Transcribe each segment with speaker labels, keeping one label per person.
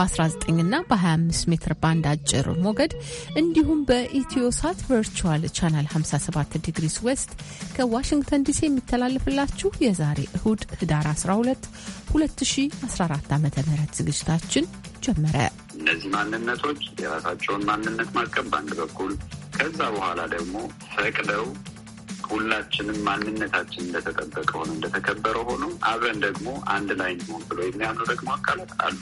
Speaker 1: በ19 እና በ25 ሜትር ባንድ አጭር ሞገድ እንዲሁም በኢትዮሳት ቨርቹዋል ቻናል 57 ዲግሪስ ዌስት ከዋሽንግተን ዲሲ የሚተላለፍላችሁ የዛሬ እሁድ ህዳር 12 2014 ዓ ም ዝግጅታችን ጀመረ።
Speaker 2: እነዚህ ማንነቶች የራሳቸውን ማንነት ማቀብ በአንድ በኩል ከዛ በኋላ ደግሞ ፈቅደው ሁላችንም ማንነታችን እንደተጠበቀ ሆኖ እንደተከበረ ሆኖ አብረን ደግሞ አንድ ላይ እንሆን ብሎ የሚያምኑ ደግሞ አካላት አሉ።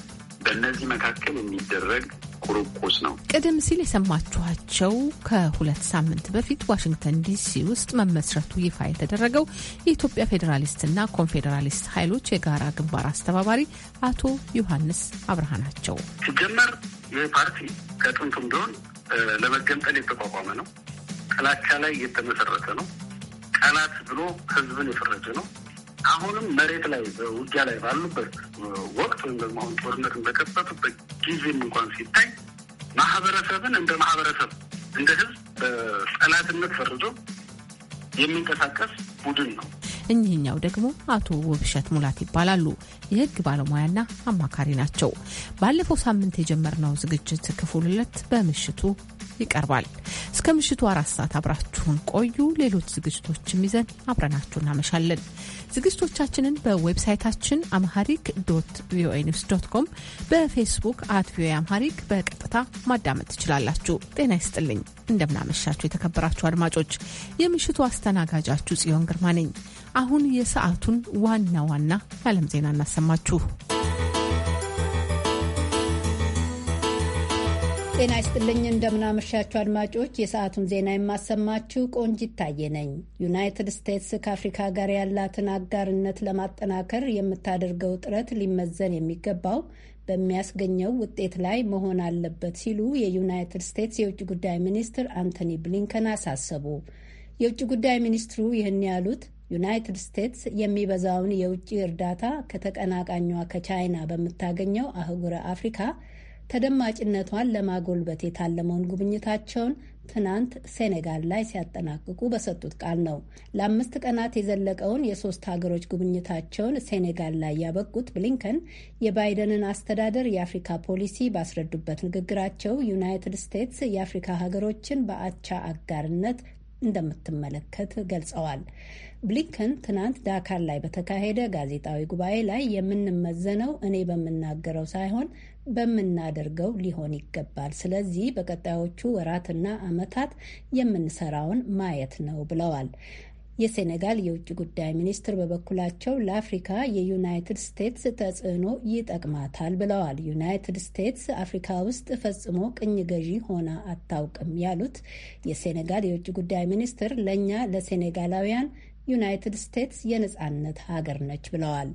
Speaker 2: በእነዚህ መካከል የሚደረግ ቁርቁስ ነው።
Speaker 1: ቀደም ሲል የሰማችኋቸው ከሁለት ሳምንት በፊት ዋሽንግተን ዲሲ ውስጥ መመስረቱ ይፋ የተደረገው የኢትዮጵያ ፌዴራሊስትና ኮንፌዴራሊስት ኃይሎች የጋራ ግንባር አስተባባሪ አቶ ዮሐንስ አብርሃ
Speaker 2: ናቸው። ሲጀመር ይህ ፓርቲ ከጥንቱም ቢሆን ለመገንጠል የተቋቋመ ነው። ጥላቻ ላይ የተመሰረተ ነው። ጠላት ብሎ ህዝብን የፈረጀ ነው። አሁንም መሬት ላይ በውጊያ ላይ ባሉበት ወቅት ወይም ደግሞ አሁን ጦርነትን በከፈቱበት ጊዜም እንኳን ሲታይ ማህበረሰብን እንደ ማህበረሰብ እንደ ህዝብ በጠላትነት ፈርጆ የሚንቀሳቀስ ቡድን ነው።
Speaker 1: እኚህኛው ደግሞ አቶ ውብሸት ሙላት ይባላሉ። የህግ ባለሙያና አማካሪ ናቸው። ባለፈው ሳምንት የጀመርነው ዝግጅት ክፍል ሁለት በምሽቱ ይቀርባል። እስከ ምሽቱ አራት ሰዓት አብራችሁን ቆዩ። ሌሎች ዝግጅቶችም ይዘን አብረናችሁ እናመሻለን። ዝግጅቶቻችንን በዌብሳይታችን አምሃሪክ ዶት ቪኦኤ ኒውስ ዶት ኮም፣ በፌስቡክ አት ቪኦኤ አምሃሪክ በቀጥታ ማዳመጥ ትችላላችሁ። ጤና ይስጥልኝ፣ እንደምናመሻችሁ የተከበራችሁ አድማጮች። የምሽቱ አስተናጋጃችሁ ጽዮን ግርማ ነኝ። አሁን የሰዓቱን ዋና ዋና የዓለም ዜና እናሰማችሁ።
Speaker 3: ጤና ይስጥልኝ እንደምናመሻችሁ አድማጮች፣ የሰዓቱን ዜና የማሰማችሁ ቆንጂት ታየ ነኝ። ዩናይትድ ስቴትስ ከአፍሪካ ጋር ያላትን አጋርነት ለማጠናከር የምታደርገው ጥረት ሊመዘን የሚገባው በሚያስገኘው ውጤት ላይ መሆን አለበት ሲሉ የዩናይትድ ስቴትስ የውጭ ጉዳይ ሚኒስትር አንቶኒ ብሊንከን አሳሰቡ። የውጭ ጉዳይ ሚኒስትሩ ይህን ያሉት ዩናይትድ ስቴትስ የሚበዛውን የውጭ እርዳታ ከተቀናቃኟ ከቻይና በምታገኘው አህጉረ አፍሪካ ተደማጭነቷን ለማጎልበት የታለመውን ጉብኝታቸውን ትናንት ሴኔጋል ላይ ሲያጠናቅቁ በሰጡት ቃል ነው። ለአምስት ቀናት የዘለቀውን የሶስት ሀገሮች ጉብኝታቸውን ሴኔጋል ላይ ያበቁት ብሊንከን የባይደንን አስተዳደር የአፍሪካ ፖሊሲ ባስረዱበት ንግግራቸው ዩናይትድ ስቴትስ የአፍሪካ ሀገሮችን በአቻ አጋርነት እንደምትመለከት ገልጸዋል። ብሊንከን ትናንት ዳካር ላይ በተካሄደ ጋዜጣዊ ጉባኤ ላይ የምንመዘነው እኔ በምናገረው ሳይሆን በምናደርገው ሊሆን ይገባል፣ ስለዚህ በቀጣዮቹ ወራትና ዓመታት የምንሰራውን ማየት ነው ብለዋል። የሴኔጋል የውጭ ጉዳይ ሚኒስትር በበኩላቸው ለአፍሪካ የዩናይትድ ስቴትስ ተጽዕኖ ይጠቅማታል ብለዋል። ዩናይትድ ስቴትስ አፍሪካ ውስጥ ፈጽሞ ቅኝ ገዢ ሆና አታውቅም ያሉት የሴኔጋል የውጭ ጉዳይ ሚኒስትር ለእኛ ለሴኔጋላውያን ዩናይትድ ስቴትስ የነጻነት ሀገር ነች ብለዋል።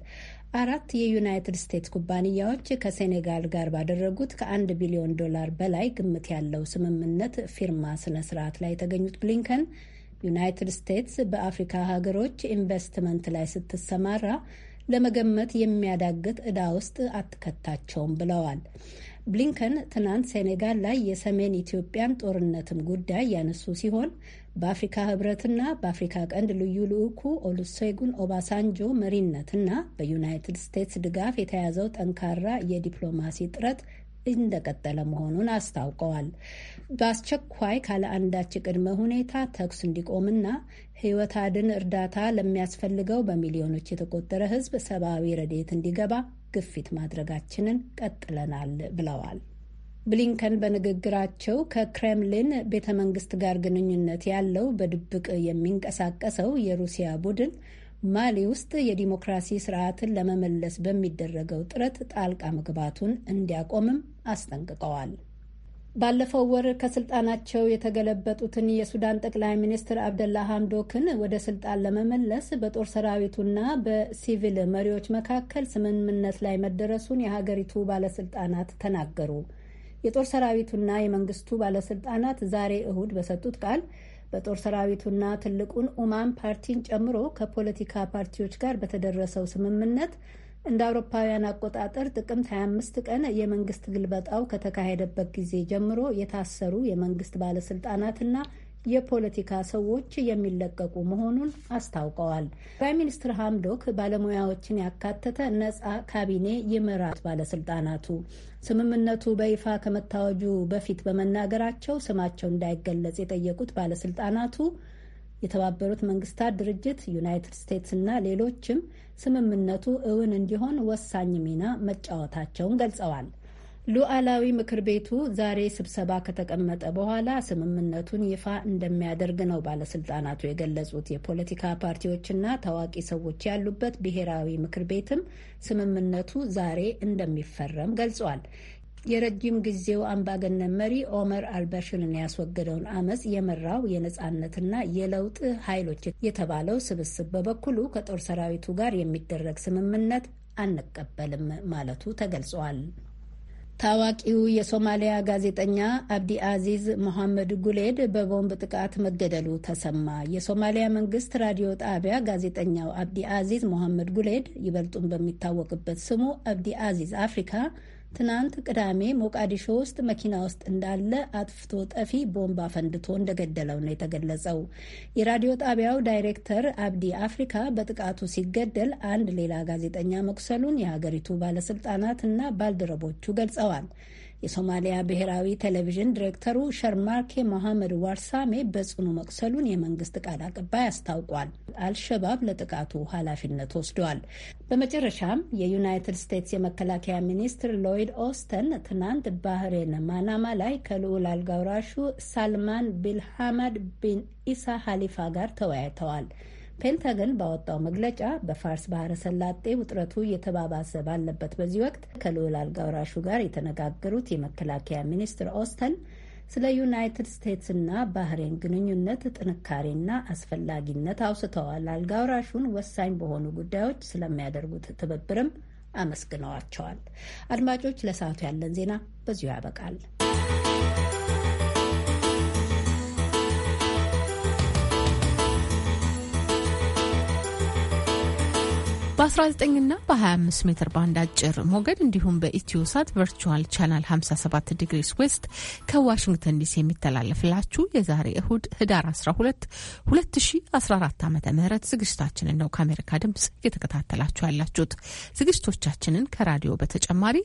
Speaker 3: አራት የዩናይትድ ስቴትስ ኩባንያዎች ከሴኔጋል ጋር ባደረጉት ከአንድ ቢሊዮን ዶላር በላይ ግምት ያለው ስምምነት ፊርማ ስነ ስርዓት ላይ የተገኙት ብሊንከን ዩናይትድ ስቴትስ በአፍሪካ ሀገሮች ኢንቨስትመንት ላይ ስትሰማራ ለመገመት የሚያዳግት ዕዳ ውስጥ አትከታቸውም ብለዋል። ብሊንከን ትናንት ሴኔጋል ላይ የሰሜን ኢትዮጵያን ጦርነትም ጉዳይ ያነሱ ሲሆን በአፍሪካ ህብረትና በአፍሪካ ቀንድ ልዩ ልዑኩ ኦሉሴጉን ኦባሳንጆ መሪነትና በዩናይትድ ስቴትስ ድጋፍ የተያዘው ጠንካራ የዲፕሎማሲ ጥረት እንደቀጠለ መሆኑን አስታውቀዋል። በአስቸኳይ ካለ አንዳች ቅድመ ሁኔታ ተኩስ እንዲቆምና ሕይወት አድን እርዳታ ለሚያስፈልገው በሚሊዮኖች የተቆጠረ ሕዝብ ሰብአዊ ረድኤት እንዲገባ ግፊት ማድረጋችንን ቀጥለናል ብለዋል። ብሊንከን በንግግራቸው ከክሬምሊን ቤተ መንግስት ጋር ግንኙነት ያለው በድብቅ የሚንቀሳቀሰው የሩሲያ ቡድን ማሊ ውስጥ የዲሞክራሲ ስርዓትን ለመመለስ በሚደረገው ጥረት ጣልቃ መግባቱን እንዲያቆምም አስጠንቅቀዋል። ባለፈው ወር ከስልጣናቸው የተገለበጡትን የሱዳን ጠቅላይ ሚኒስትር አብደላ ሀምዶክን ወደ ስልጣን ለመመለስ በጦር ሰራዊቱና በሲቪል መሪዎች መካከል ስምምነት ላይ መደረሱን የሀገሪቱ ባለስልጣናት ተናገሩ። የጦር ሰራዊቱና የመንግስቱ ባለስልጣናት ዛሬ እሁድ በሰጡት ቃል በጦር ሰራዊቱና ትልቁን ኡማም ፓርቲን ጨምሮ ከፖለቲካ ፓርቲዎች ጋር በተደረሰው ስምምነት እንደ አውሮፓውያን አቆጣጠር ጥቅምት 25 ቀን የመንግስት ግልበጣው ከተካሄደበት ጊዜ ጀምሮ የታሰሩ የመንግስት ባለስልጣናትና የፖለቲካ ሰዎች የሚለቀቁ መሆኑን አስታውቀዋል። ጠቅላይ ሚኒስትር ሀምዶክ ባለሙያዎችን ያካተተ ነጻ ካቢኔ ይመራት ባለስልጣናቱ ስምምነቱ በይፋ ከመታወጁ በፊት በመናገራቸው ስማቸው እንዳይገለጽ የጠየቁት ባለስልጣናቱ የተባበሩት መንግስታት ድርጅት፣ ዩናይትድ ስቴትስ እና ሌሎችም ስምምነቱ እውን እንዲሆን ወሳኝ ሚና መጫወታቸውን ገልጸዋል። ሉዓላዊ ምክር ቤቱ ዛሬ ስብሰባ ከተቀመጠ በኋላ ስምምነቱን ይፋ እንደሚያደርግ ነው ባለስልጣናቱ የገለጹት። የፖለቲካ ፓርቲዎችና ታዋቂ ሰዎች ያሉበት ብሔራዊ ምክር ቤትም ስምምነቱ ዛሬ እንደሚፈረም ገልጿል። የረጅም ጊዜው አምባገነን መሪ ኦመር አልበሽርን ያስወገደውን አመፅ የመራው የነጻነትና የለውጥ ኃይሎች የተባለው ስብስብ በበኩሉ ከጦር ሰራዊቱ ጋር የሚደረግ ስምምነት አንቀበልም ማለቱ ተገልጿል። ታዋቂው የሶማሊያ ጋዜጠኛ አብዲ አዚዝ መሐመድ ጉሌድ በቦምብ ጥቃት መገደሉ ተሰማ። የሶማሊያ መንግስት ራዲዮ ጣቢያ ጋዜጠኛው አብዲ አዚዝ መሐመድ ጉሌድ ይበልጡን በሚታወቅበት ስሙ አብዲ አዚዝ አፍሪካ ትናንት ቅዳሜ ሞቃዲሾ ውስጥ መኪና ውስጥ እንዳለ አጥፍቶ ጠፊ ቦምብ አፈንድቶ እንደገደለው ነው የተገለጸው። የራዲዮ ጣቢያው ዳይሬክተር አብዲ አፍሪካ በጥቃቱ ሲገደል አንድ ሌላ ጋዜጠኛ መቁሰሉን የሀገሪቱ ባለስልጣናት እና ባልደረቦቹ ገልጸዋል። የሶማሊያ ብሔራዊ ቴሌቪዥን ዲሬክተሩ ሸርማርኬ ሞሐመድ ዋርሳሜ በጽኑ መቁሰሉን የመንግስት ቃል አቀባይ አስታውቋል። አልሸባብ ለጥቃቱ ኃላፊነት ወስዷል። በመጨረሻም የዩናይትድ ስቴትስ የመከላከያ ሚኒስትር ሎይድ ኦስተን ትናንት ባህሬን ማናማ ላይ ከልዑል አልጋውራሹ ሳልማን ቢን ቢን ኢሳ ሀሊፋ ጋር ተወያይተዋል። ፔንታገን ባወጣው መግለጫ በፋርስ ባህረ ሰላጤ ውጥረቱ እየተባባሰ ባለበት በዚህ ወቅት ከልዑል አልጋውራሹ ጋር የተነጋገሩት የመከላከያ ሚኒስትር ኦስተን ስለ ዩናይትድ ስቴትስና ባህሬን ግንኙነት ጥንካሬና አስፈላጊነት አውስተዋል። አልጋውራሹን ወሳኝ በሆኑ ጉዳዮች ስለሚያደርጉት ትብብርም አመስግነዋቸዋል። አድማጮች፣ ለሰዓቱ ያለን ዜና በዚሁ ያበቃል።
Speaker 1: በ19 እና በ25 ሜትር ባንድ አጭር ሞገድ እንዲሁም በኢትዮ ሳት ቨርቹዋል ቻናል 57 ዲግሪስ ዌስት ከዋሽንግተን ዲሲ የሚተላለፍላችሁ የዛሬ እሁድ ህዳር 12 2014 ዓ ም ዝግጅታችንን ነው ከአሜሪካ ድምፅ እየተከታተላችሁ ያላችሁት። ዝግጅቶቻችንን ከራዲዮ በተጨማሪ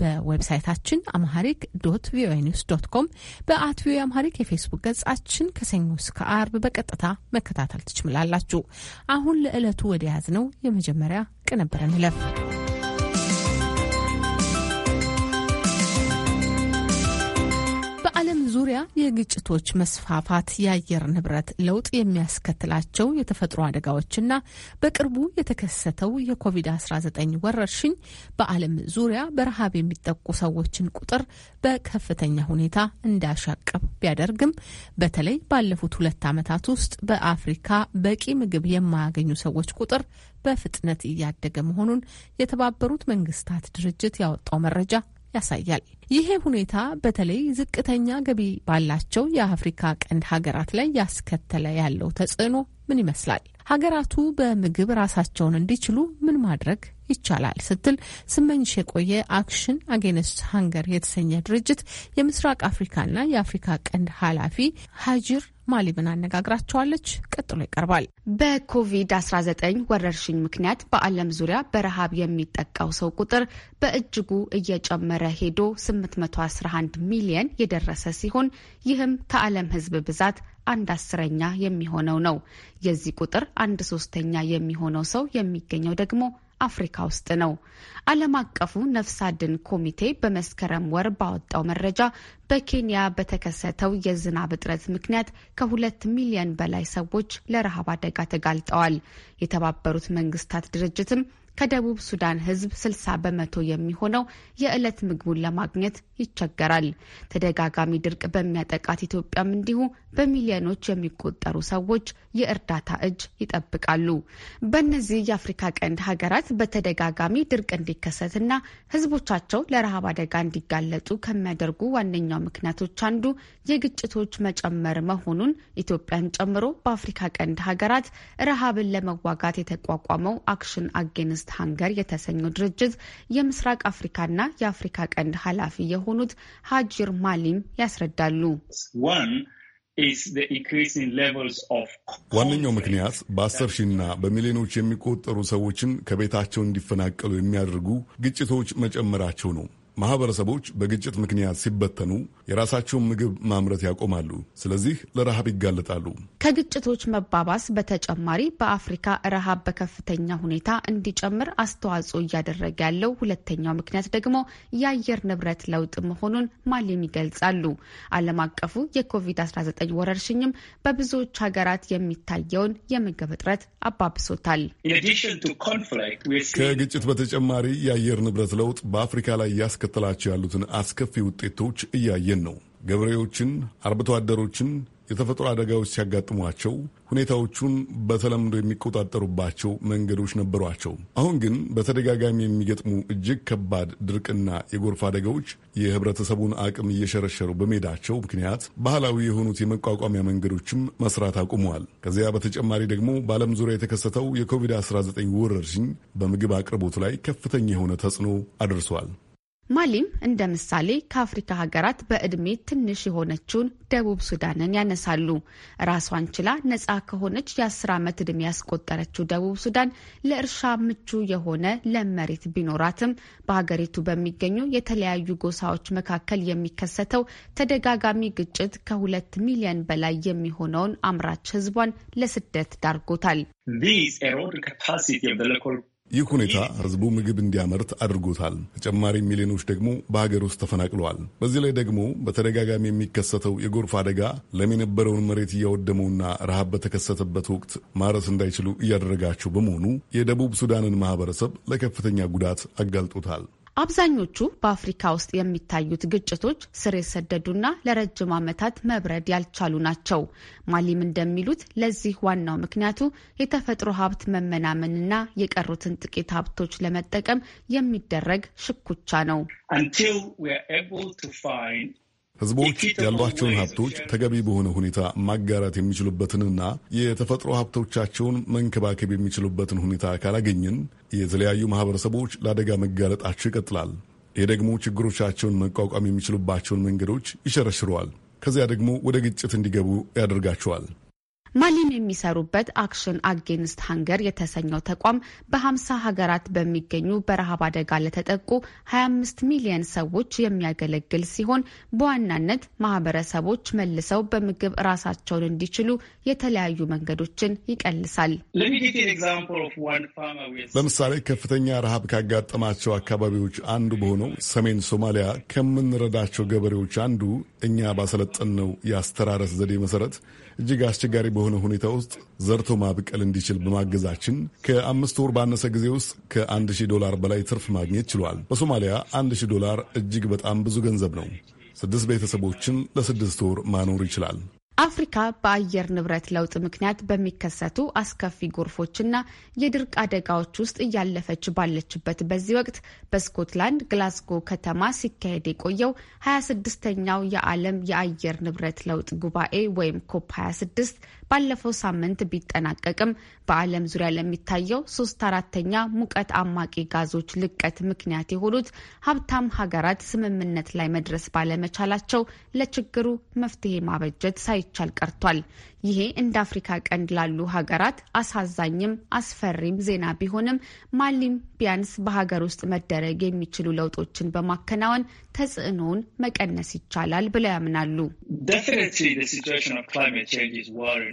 Speaker 1: በዌብሳይታችን አምሃሪክ ዶት ቪኦኤ ኒውስ ዶት ኮም በአት ቪኦኤ አምሃሪክ የፌስቡክ ገጻችን ከሰኞ እስከ አርብ በቀጥታ መከታተል ትችምላላችሁ። አሁን ለዕለቱ ወደ ያዝ ነው የመጀመሪያ ቅንብረን ይለፍ። ዙሪያ የግጭቶች መስፋፋት፣ የአየር ንብረት ለውጥ የሚያስከትላቸው የተፈጥሮ አደጋዎችና በቅርቡ የተከሰተው የኮቪድ-19 ወረርሽኝ በዓለም ዙሪያ በረሃብ የሚጠቁ ሰዎችን ቁጥር በከፍተኛ ሁኔታ እንዳሻቀብ ቢያደርግም በተለይ ባለፉት ሁለት ዓመታት ውስጥ በአፍሪካ በቂ ምግብ የማያገኙ ሰዎች ቁጥር በፍጥነት እያደገ መሆኑን የተባበሩት መንግስታት ድርጅት ያወጣው መረጃ ያሳያል። ይሄ ሁኔታ በተለይ ዝቅተኛ ገቢ ባላቸው የአፍሪካ ቀንድ ሀገራት ላይ ያስከተለ ያለው ተጽዕኖ ምን ይመስላል? ሀገራቱ በምግብ ራሳቸውን እንዲችሉ ምን ማድረግ ይቻላል? ስትል ስመኝሽ የቆየ አክሽን አጌንስት ሀንገር የተሰኘ ድርጅት የምስራቅ አፍሪካና የአፍሪካ ቀንድ ኃላፊ ሀጅር
Speaker 4: ማሊብን አነጋግራቸዋለች። ቀጥሎ ይቀርባል። በኮቪድ-19 ወረርሽኝ ምክንያት በዓለም ዙሪያ በረሃብ የሚጠቃው ሰው ቁጥር በእጅጉ እየጨመረ ሄዶ 811 ሚሊየን የደረሰ ሲሆን ይህም ከዓለም ሕዝብ ብዛት አንድ አስረኛ የሚሆነው ነው። የዚህ ቁጥር አንድ ሶስተኛ የሚሆነው ሰው የሚገኘው ደግሞ አፍሪካ ውስጥ ነው። ዓለም አቀፉ ነፍስ አድን ኮሚቴ በመስከረም ወር ባወጣው መረጃ በኬንያ በተከሰተው የዝናብ እጥረት ምክንያት ከሁለት ሚሊዮን በላይ ሰዎች ለረሃብ አደጋ ተጋልጠዋል። የተባበሩት መንግስታት ድርጅትም ከደቡብ ሱዳን ሕዝብ 60 በመቶ የሚሆነው የዕለት ምግቡን ለማግኘት ይቸገራል። ተደጋጋሚ ድርቅ በሚያጠቃት ኢትዮጵያም እንዲሁ በሚሊዮኖች የሚቆጠሩ ሰዎች የእርዳታ እጅ ይጠብቃሉ። በእነዚህ የአፍሪካ ቀንድ ሀገራት በተደጋጋሚ ድርቅ እንዲከሰትና ሕዝቦቻቸው ለረሃብ አደጋ እንዲጋለጡ ከሚያደርጉ ዋነኛው ምክንያቶች አንዱ የግጭቶች መጨመር መሆኑን ኢትዮጵያን ጨምሮ በአፍሪካ ቀንድ ሀገራት ረሃብን ለመዋጋት የተቋቋመው አክሽን አጌንስ ኢስት ሃንገር የተሰኘው ድርጅት የምስራቅ አፍሪካና የአፍሪካ ቀንድ ኃላፊ የሆኑት ሀጂር ማሊም ያስረዳሉ።
Speaker 5: ዋነኛው ምክንያት በአስር ሺህና በሚሊዮኖች የሚቆጠሩ ሰዎችን ከቤታቸው እንዲፈናቀሉ የሚያደርጉ ግጭቶች መጨመራቸው ነው። ማህበረሰቦች በግጭት ምክንያት ሲበተኑ የራሳቸውን ምግብ ማምረት ያቆማሉ። ስለዚህ ለረሃብ ይጋለጣሉ።
Speaker 4: ከግጭቶች መባባስ በተጨማሪ በአፍሪካ ረሃብ በከፍተኛ ሁኔታ እንዲጨምር አስተዋጽኦ እያደረገ ያለው ሁለተኛው ምክንያት ደግሞ የአየር ንብረት ለውጥ መሆኑን ማሊም ይገልጻሉ። ዓለም አቀፉ የኮቪድ-19 ወረርሽኝም በብዙዎች ሀገራት የሚታየውን የምግብ እጥረት አባብሶታል።
Speaker 5: ከግጭት በተጨማሪ የአየር ንብረት ለውጥ በአፍሪካ ላይ ያስከ እያስከተላቸው ያሉትን አስከፊ ውጤቶች እያየን ነው። ገበሬዎችን፣ አርብቶ አደሮችን የተፈጥሮ አደጋዎች ሲያጋጥሟቸው ሁኔታዎቹን በተለምዶ የሚቆጣጠሩባቸው መንገዶች ነበሯቸው። አሁን ግን በተደጋጋሚ የሚገጥሙ እጅግ ከባድ ድርቅና የጎርፍ አደጋዎች የህብረተሰቡን አቅም እየሸረሸሩ በመሄዳቸው ምክንያት ባህላዊ የሆኑት የመቋቋሚያ መንገዶችም መስራት አቁመዋል። ከዚያ በተጨማሪ ደግሞ በዓለም ዙሪያ የተከሰተው የኮቪድ-19 ወረርሽኝ በምግብ አቅርቦት ላይ ከፍተኛ የሆነ ተጽዕኖ አድርሷል።
Speaker 4: ማሊም እንደ ምሳሌ ከአፍሪካ ሀገራት በዕድሜ ትንሽ የሆነችውን ደቡብ ሱዳንን ያነሳሉ። ራሷን ችላ ነጻ ከሆነች የአስር ዓመት ዕድሜ ያስቆጠረችው ደቡብ ሱዳን ለእርሻ ምቹ የሆነ ለም መሬት ቢኖራትም በሀገሪቱ በሚገኙ የተለያዩ ጎሳዎች መካከል የሚከሰተው ተደጋጋሚ ግጭት ከሁለት ሚሊዮን በላይ የሚሆነውን አምራች ሕዝቧን ለስደት ዳርጎታል።
Speaker 5: ይህ ሁኔታ ህዝቡ ምግብ እንዲያመርት አድርጎታል። ተጨማሪ ሚሊዮኖች ደግሞ በሀገር ውስጥ ተፈናቅለዋል። በዚህ ላይ ደግሞ በተደጋጋሚ የሚከሰተው የጎርፍ አደጋ ለም የነበረውን መሬት እያወደመውና ረሃብ በተከሰተበት ወቅት ማረስ እንዳይችሉ እያደረጋቸው በመሆኑ የደቡብ ሱዳንን ማህበረሰብ ለከፍተኛ ጉዳት አጋልጦታል።
Speaker 4: አብዛኞቹ በአፍሪካ ውስጥ የሚታዩት ግጭቶች ስር የሰደዱና ለረጅም ዓመታት መብረድ ያልቻሉ ናቸው። ማሊም እንደሚሉት ለዚህ ዋናው ምክንያቱ የተፈጥሮ ሀብት መመናመንና የቀሩትን ጥቂት ሀብቶች ለመጠቀም የሚደረግ ሽኩቻ ነው።
Speaker 5: ህዝቦች ያሏቸውን ሀብቶች ተገቢ በሆነ ሁኔታ ማጋራት የሚችሉበትንና የተፈጥሮ ሀብቶቻቸውን መንከባከብ የሚችሉበትን ሁኔታ ካላገኝን የተለያዩ ማህበረሰቦች ለአደጋ መጋለጣቸው ይቀጥላል። ይህ ደግሞ ችግሮቻቸውን መቋቋም የሚችሉባቸውን መንገዶች ይሸረሽረዋል። ከዚያ ደግሞ ወደ ግጭት እንዲገቡ ያደርጋቸዋል።
Speaker 4: ማሊም የሚሰሩበት አክሽን አጌንስት ሀንገር የተሰኘው ተቋም በ50 ሀገራት በሚገኙ በረሃብ አደጋ ለተጠቁ 25 ሚሊየን ሰዎች የሚያገለግል ሲሆን በዋናነት ማህበረሰቦች መልሰው በምግብ ራሳቸውን እንዲችሉ የተለያዩ መንገዶችን ይቀልሳል።
Speaker 5: ለምሳሌ ከፍተኛ ረሃብ ካጋጠማቸው አካባቢዎች አንዱ በሆነው ሰሜን ሶማሊያ ከምንረዳቸው ገበሬዎች አንዱ እኛ ባሰለጠን ነው የአስተራረስ ዘዴ መሰረት እጅግ አስቸጋሪ በሆነ በሆነ ሁኔታ ውስጥ ዘርቶ ማብቀል እንዲችል በማገዛችን ከአምስት ወር ባነሰ ጊዜ ውስጥ ከ1000 ዶላር በላይ ትርፍ ማግኘት ችሏል። በሶማሊያ 1000 ዶላር እጅግ በጣም ብዙ ገንዘብ ነው። ስድስት ቤተሰቦችን ለስድስት ወር ማኖር ይችላል።
Speaker 4: አፍሪካ በአየር ንብረት ለውጥ ምክንያት በሚከሰቱ አስከፊ ጎርፎችና የድርቅ አደጋዎች ውስጥ እያለፈች ባለችበት በዚህ ወቅት በስኮትላንድ ግላስጎ ከተማ ሲካሄድ የቆየው 26ኛው የዓለም የአየር ንብረት ለውጥ ጉባኤ ወይም ኮፕ 26 ባለፈው ሳምንት ቢጠናቀቅም በዓለም ዙሪያ ለሚታየው ሶስት አራተኛ ሙቀት አማቂ ጋዞች ልቀት ምክንያት የሆኑት ሀብታም ሀገራት ስምምነት ላይ መድረስ ባለመቻላቸው ለችግሩ መፍትሄ ማበጀት ሳይቻል ቀርቷል። ይሄ እንደ አፍሪካ ቀንድ ላሉ ሀገራት አሳዛኝም አስፈሪም ዜና ቢሆንም ማሊም ቢያንስ በሀገር ውስጥ መደረግ የሚችሉ ለውጦችን በማከናወን ተጽዕኖውን መቀነስ ይቻላል ብለው ያምናሉ።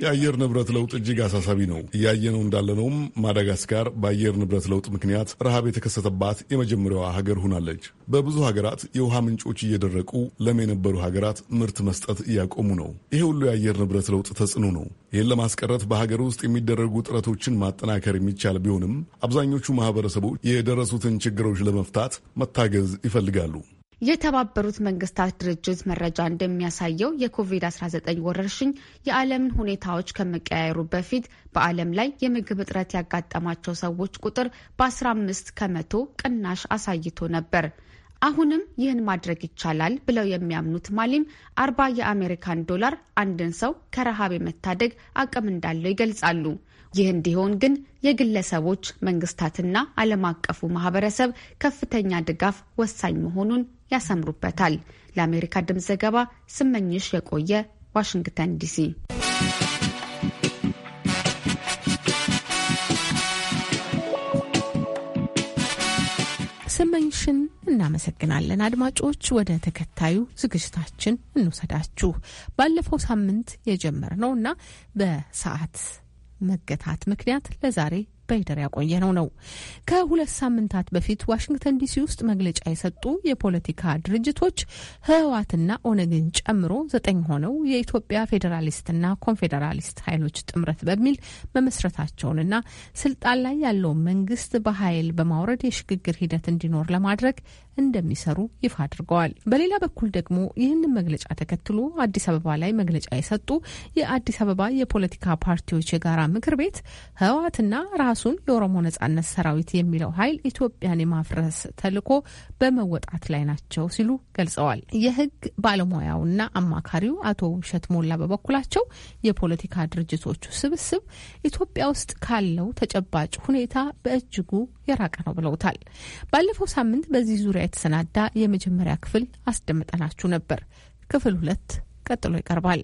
Speaker 5: የአየር ንብረት ለውጥ እጅግ አሳሳቢ ነው። እያየነው እንዳለነውም ማዳጋስካር በአየር ንብረት ለውጥ ምክንያት ረሃብ የተከሰተባት የመጀመሪያዋ ሀገር ሆናለች። በብዙ ሀገራት የውሃ ምንጮች እየደረቁ ለም የነበሩ ሀገራት ምርት መስጠት እያቆሙ ነው። ይሄ ሁሉ የአየር ንብረት ለውጥ ጽኑ ነው። ይህን ለማስቀረት በሀገር ውስጥ የሚደረጉ ጥረቶችን ማጠናከር የሚቻል ቢሆንም አብዛኞቹ ማህበረሰቦች የደረሱትን ችግሮች ለመፍታት መታገዝ ይፈልጋሉ።
Speaker 4: የተባበሩት መንግስታት ድርጅት መረጃ እንደሚያሳየው የኮቪድ-19 ወረርሽኝ የዓለምን ሁኔታዎች ከመቀያየሩ በፊት በዓለም ላይ የምግብ እጥረት ያጋጠማቸው ሰዎች ቁጥር በ15 ከመቶ ቅናሽ አሳይቶ ነበር። አሁንም ይህን ማድረግ ይቻላል ብለው የሚያምኑት ማሊም አርባ የአሜሪካን ዶላር አንድን ሰው ከረሃብ የመታደግ አቅም እንዳለው ይገልጻሉ። ይህ እንዲሆን ግን የግለሰቦች መንግስታትና ዓለም አቀፉ ማህበረሰብ ከፍተኛ ድጋፍ ወሳኝ መሆኑን ያሰምሩበታል። ለአሜሪካ ድምፅ ዘገባ ስመኝሽ የቆየ ዋሽንግተን ዲሲ።
Speaker 1: ስመኝሽን እናመሰግናለን። አድማጮች ወደ ተከታዩ ዝግጅታችን እንውሰዳችሁ። ባለፈው ሳምንት የጀመርነው እና በሰዓት መገታት ምክንያት ለዛሬ በይደር ያቆየነው ነው። ከሁለት ሳምንታት በፊት ዋሽንግተን ዲሲ ውስጥ መግለጫ የሰጡ የፖለቲካ ድርጅቶች ህወሓትና ኦነግን ጨምሮ ዘጠኝ ሆነው የኢትዮጵያ ፌዴራሊስትና ኮንፌዴራሊስት ኃይሎች ጥምረት በሚል መመስረታቸውንና ስልጣን ላይ ያለውን መንግስት በኃይል በማውረድ የሽግግር ሂደት እንዲኖር ለማድረግ እንደሚሰሩ ይፋ አድርገዋል። በሌላ በኩል ደግሞ ይህንን መግለጫ ተከትሎ አዲስ አበባ ላይ መግለጫ የሰጡ የአዲስ አበባ የፖለቲካ ፓርቲዎች የጋራ ምክር ቤት ህወሓትና ራሱን የኦሮሞ ነጻነት ሰራዊት የሚለው ኃይል ኢትዮጵያን የማፍረስ ተልዕኮ በመወጣት ላይ ናቸው ሲሉ ገልጸዋል። የህግ ባለሙያውና አማካሪው አቶ ውብሸት ሞላ በበኩላቸው የፖለቲካ ድርጅቶቹ ስብስብ ኢትዮጵያ ውስጥ ካለው ተጨባጭ ሁኔታ በእጅጉ የራቀ ነው ብለውታል። ባለፈው ሳምንት በዚህ ዙሪያ የተሰናዳ የመጀመሪያ ክፍል አስደምጠናችሁ ነበር። ክፍል ሁለት ቀጥሎ ይቀርባል።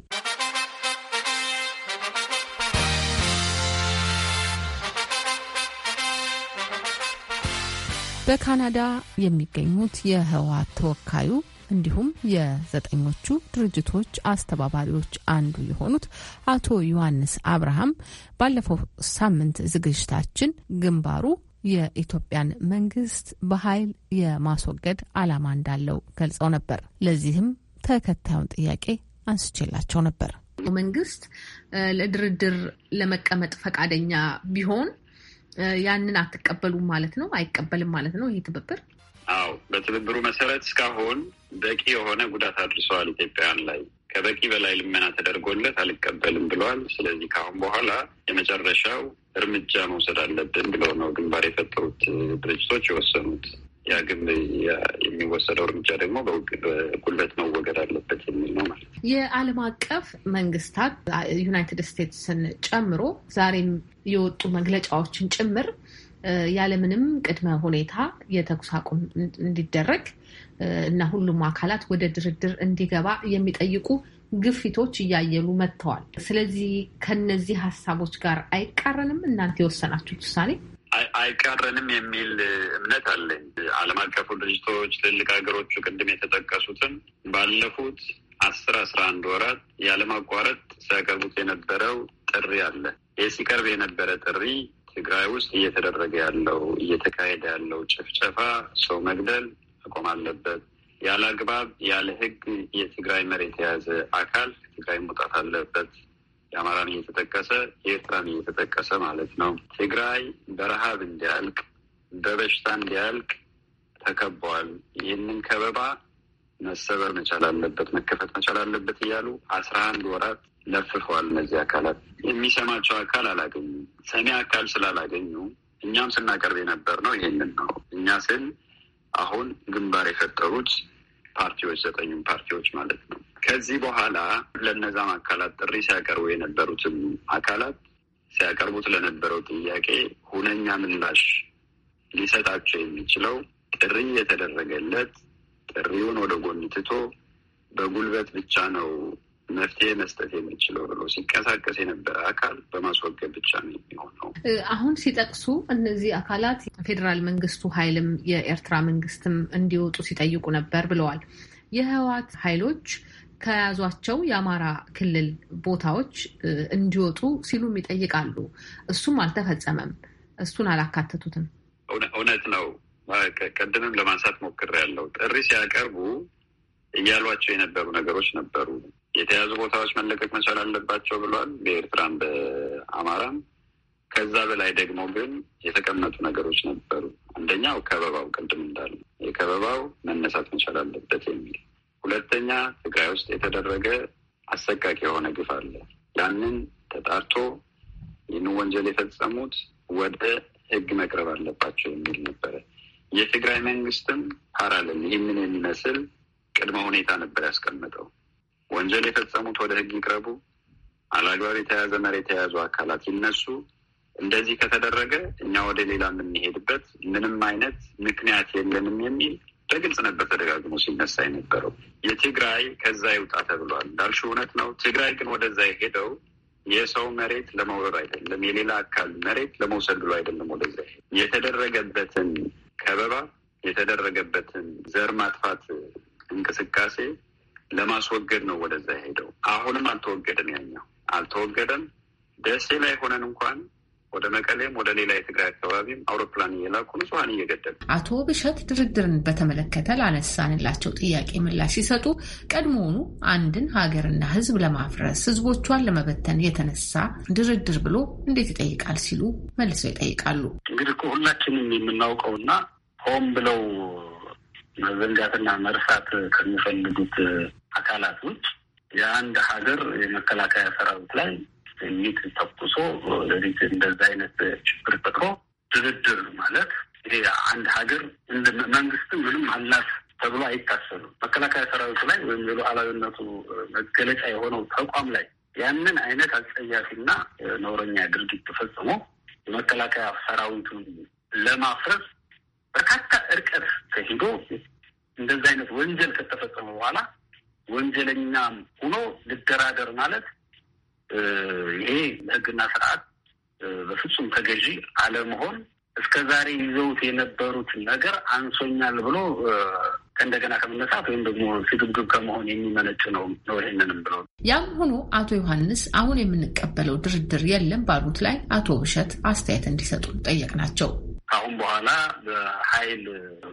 Speaker 1: በካናዳ የሚገኙት የህወሓት ተወካዩ እንዲሁም የዘጠኞቹ ድርጅቶች አስተባባሪዎች አንዱ የሆኑት አቶ ዮሐንስ አብርሃም ባለፈው ሳምንት ዝግጅታችን ግንባሩ የኢትዮጵያን መንግስት በኃይል የማስወገድ ዓላማ እንዳለው ገልጸው ነበር። ለዚህም ተከታዩን ጥያቄ አንስቼላቸው ነበር። መንግስት ለድርድር ለመቀመጥ ፈቃደኛ ቢሆን ያንን አትቀበሉም ማለት ነው? አይቀበልም ማለት ነው? ይህ ትብብር?
Speaker 2: አዎ፣ በትብብሩ መሰረት እስካሁን በቂ የሆነ ጉዳት አድርሰዋል ኢትዮጵያውያን ላይ ከበቂ በላይ ልመና ተደርጎለት አልቀበልም ብሏል። ስለዚህ ከአሁን በኋላ የመጨረሻው እርምጃ መውሰድ አለብን ብለው ነው ግንባር የፈጠሩት ድርጅቶች የወሰኑት። ያ ግን የሚወሰደው እርምጃ ደግሞ በጉልበት መወገድ
Speaker 1: አለበት የሚል ነው ማለት ነው። የዓለም አቀፍ መንግስታት ዩናይትድ ስቴትስን ጨምሮ ዛሬም የወጡ መግለጫዎችን ጭምር ያለምንም ቅድመ ሁኔታ የተኩስ አቁም እንዲደረግ እና ሁሉም አካላት ወደ ድርድር እንዲገባ የሚጠይቁ ግፊቶች እያየሉ መጥተዋል። ስለዚህ ከነዚህ ሀሳቦች ጋር አይቃረንም። እናንተ የወሰናችሁት ውሳኔ
Speaker 6: አይቃረንም
Speaker 2: የሚል እምነት አለኝ። ዓለም አቀፉ ድርጅቶች፣ ትልልቅ ሀገሮቹ ቅድም የተጠቀሱትን ባለፉት አስር አስራ አንድ ወራት ያለማቋረጥ ሲያቀርቡት የነበረው ጥሪ አለ። ይህ ሲቀርብ የነበረ ጥሪ ትግራይ ውስጥ እየተደረገ ያለው እየተካሄደ ያለው ጭፍጨፋ፣ ሰው መግደል መቆም አለበት ያለ አግባብ ያለ ህግ የትግራይ መሬት የያዘ አካል ትግራይ መውጣት አለበት። የአማራን እየተጠቀሰ የኤርትራን እየተጠቀሰ ማለት ነው። ትግራይ በረሃብ እንዲያልቅ በበሽታ እንዲያልቅ ተከበዋል። ይህንን ከበባ መሰበር መቻል አለበት፣ መከፈት መቻል አለበት እያሉ አስራ አንድ ወራት ለፍፈዋል። እነዚህ አካላት የሚሰማቸው አካል አላገኙም። ሰሚ አካል ስላላገኙ እኛም ስናቀርብ የነበር ነው። ይህንን ነው እኛ ስል አሁን ግንባር የፈጠሩት ፓርቲዎች ዘጠኙም ፓርቲዎች ማለት ነው። ከዚህ በኋላ ለነዛም አካላት ጥሪ ሲያቀርቡ የነበሩትም አካላት ሲያቀርቡት ለነበረው ጥያቄ ሁነኛ ምላሽ ሊሰጣቸው የሚችለው ጥሪ የተደረገለት ጥሪውን ወደ ጎን ትቶ በጉልበት ብቻ ነው መፍትሄ መስጠት የሚችለው ብሎ ሲንቀሳቀስ የነበረ አካል በማስወገድ ብቻ ነው የሚሆነው።
Speaker 1: አሁን ሲጠቅሱ እነዚህ አካላት ፌዴራል መንግስቱ ኃይልም የኤርትራ መንግስትም እንዲወጡ ሲጠይቁ ነበር ብለዋል። የህወሓት ኃይሎች ከያዟቸው የአማራ ክልል ቦታዎች እንዲወጡ ሲሉም ይጠይቃሉ። እሱም አልተፈጸመም። እሱን አላካተቱትም።
Speaker 2: እውነት ነው። ቀድምም ለማንሳት ሞክሬያለሁ። ጥሪ ሲያቀርቡ እያሏቸው የነበሩ ነገሮች ነበሩ። የተያዙ ቦታዎች መለቀቅ መቻል አለባቸው ብሏል። በኤርትራም በአማራም ከዛ በላይ ደግሞ ግን የተቀመጡ ነገሮች ነበሩ። አንደኛው ከበባው ቅድም እንዳለ የከበባው መነሳት መቻል አለበት የሚል ሁለተኛ፣ ትግራይ ውስጥ የተደረገ አሰቃቂ የሆነ ግፍ አለ። ያንን ተጣርቶ ይህን ወንጀል የፈጸሙት ወደ ህግ መቅረብ አለባቸው የሚል ነበረ። የትግራይ መንግስትም ፓራለን ይህንን የሚመስል ቅድመ ሁኔታ ነበር ያስቀመጠው። ወንጀል የፈጸሙት ወደ ህግ ይቅረቡ፣ አላግባብ የተያዘ መሬት የያዙ አካላት ይነሱ። እንደዚህ ከተደረገ እኛ ወደ ሌላ የምንሄድበት ምንም አይነት ምክንያት የለንም የሚል በግልጽ ነበር ተደጋግሞ ሲነሳ የነበረው። የትግራይ ከዛ ይውጣ ተብሏል እንዳልሽ እውነት ነው። ትግራይ ግን ወደዛ የሄደው የሰው መሬት ለመውረር አይደለም፣ የሌላ አካል መሬት ለመውሰድ ብሎ አይደለም። ወደዛ የተደረገበትን ከበባ የተደረገበትን ዘር ማጥፋት እንቅስቃሴ ለማስወገድ ነው ወደዛ ሄደው። አሁንም አልተወገደም፣ ያኛው አልተወገደም። ደሴ ላይ ሆነን እንኳን ወደ መቀሌም ወደ ሌላ የትግራይ አካባቢም አውሮፕላን እየላኩ ንጹሀን እየገደሉ።
Speaker 1: አቶ ብሸት ድርድርን በተመለከተ ላነሳንላቸው ጥያቄ ምላሽ ሲሰጡ ቀድሞውኑ አንድን ሀገርና ሕዝብ ለማፍረስ ሕዝቦቿን ለመበተን የተነሳ ድርድር ብሎ እንዴት ይጠይቃል ሲሉ መልሰው ይጠይቃሉ።
Speaker 2: እንግዲህ ሁላችንም የምናውቀውና ሆም ብለው መዘንጋትና መርሳት ከሚፈልጉት አካላት ውጭ የአንድ ሀገር የመከላከያ ሰራዊት ላይ ሚት ተኩሶ ሌሊት እንደዛ አይነት ችግር ፈጥሮ ድርድር ማለት ይሄ አንድ ሀገር መንግስት ምንም አላት ተብሎ አይታሰብም። መከላከያ ሰራዊቱ ላይ ወይም የሉዓላዊነቱ መገለጫ የሆነው ተቋም ላይ ያንን አይነት አጸያፊና ነውረኛ ድርጊት ተፈጽሞ የመከላከያ ሰራዊቱን ለማፍረስ በርካታ እርቀት ተሂዶ እንደዚህ አይነት ወንጀል ከተፈጸመ በኋላ ወንጀለኛም ሆኖ ልደራደር ማለት ይሄ ለህግና ስርዓት በፍጹም ተገዢ አለመሆን እስከ ዛሬ ይዘውት የነበሩት ነገር አንሶኛል ብሎ ከእንደገና ከመነሳት ወይም ደግሞ ሲግብግብ ከመሆን የሚመነጭ ነው ነው ይህንንም ብሎ
Speaker 1: ያም ሆኖ አቶ ዮሐንስ አሁን የምንቀበለው ድርድር የለም ባሉት ላይ አቶ ብሸት አስተያየት እንዲሰጡ ጠየቅናቸው።
Speaker 2: ከአሁን በኋላ በኃይል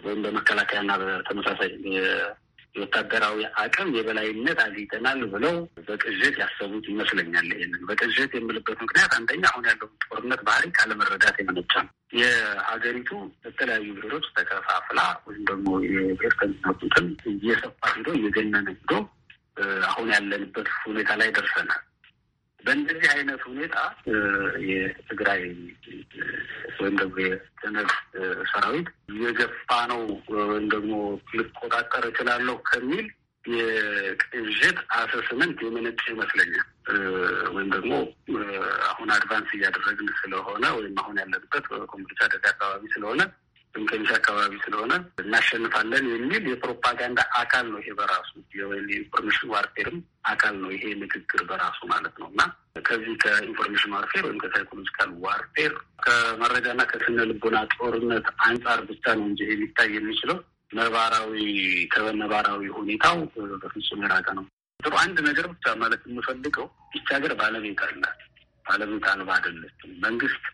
Speaker 2: ወይም በመከላከያና በተመሳሳይ የወታደራዊ አቅም የበላይነት አግኝተናል ብለው በቅዥት ያሰቡት ይመስለኛል። ይህንን በቅዥት የምልበት ምክንያት አንደኛ አሁን ያለው ጦርነት ባህሪ ካለመረዳት የመነጫ ነው። የሀገሪቱ በተለያዩ ብሔሮች ተከፋፍላ ወይም ደግሞ የብሔር ከሚናጡትን እየሰፋ ሂዶ እየገነነ ሂዶ አሁን ያለንበት ሁኔታ ላይ ደርሰናል። በእንደዚህ አይነት ሁኔታ የትግራይ ወይም ደግሞ የትነግ ሰራዊት የገፋ ነው ወይም ደግሞ ልቆጣጠር እችላለሁ ከሚል የቅዥት አሰስመንት የመነጨ ይመስለኛል። ወይም ደግሞ አሁን አድቫንስ እያደረግን ስለሆነ ወይም አሁን ያለንበት ኮምቦልቻ አደጋ አካባቢ ስለሆነ ከሚሻ አካባቢ ስለሆነ እናሸንፋለን የሚል የፕሮፓጋንዳ አካል ነው ይሄ በራሱ የኢንፎርሜሽን ዋርፌርም አካል ነው ይሄ ንግግር በራሱ ማለት ነው እና ከዚህ ከኢንፎርሜሽን ዋርፌር ወይም ከሳይኮሎጂካል ዋርፌር ከመረጃና ከስነ ልቦና ጦርነት አንጻር ብቻ ነው እንጂ ሊታይ የሚችለው ነባራዊ ከነባራዊ ሁኔታው በፍጹም የራቀ ነው። ጥሩ አንድ ነገር ብቻ ማለት የምፈልገው ሀገር ባለቤት አላት። ባለቤት አልባ አይደለችም። መንግስት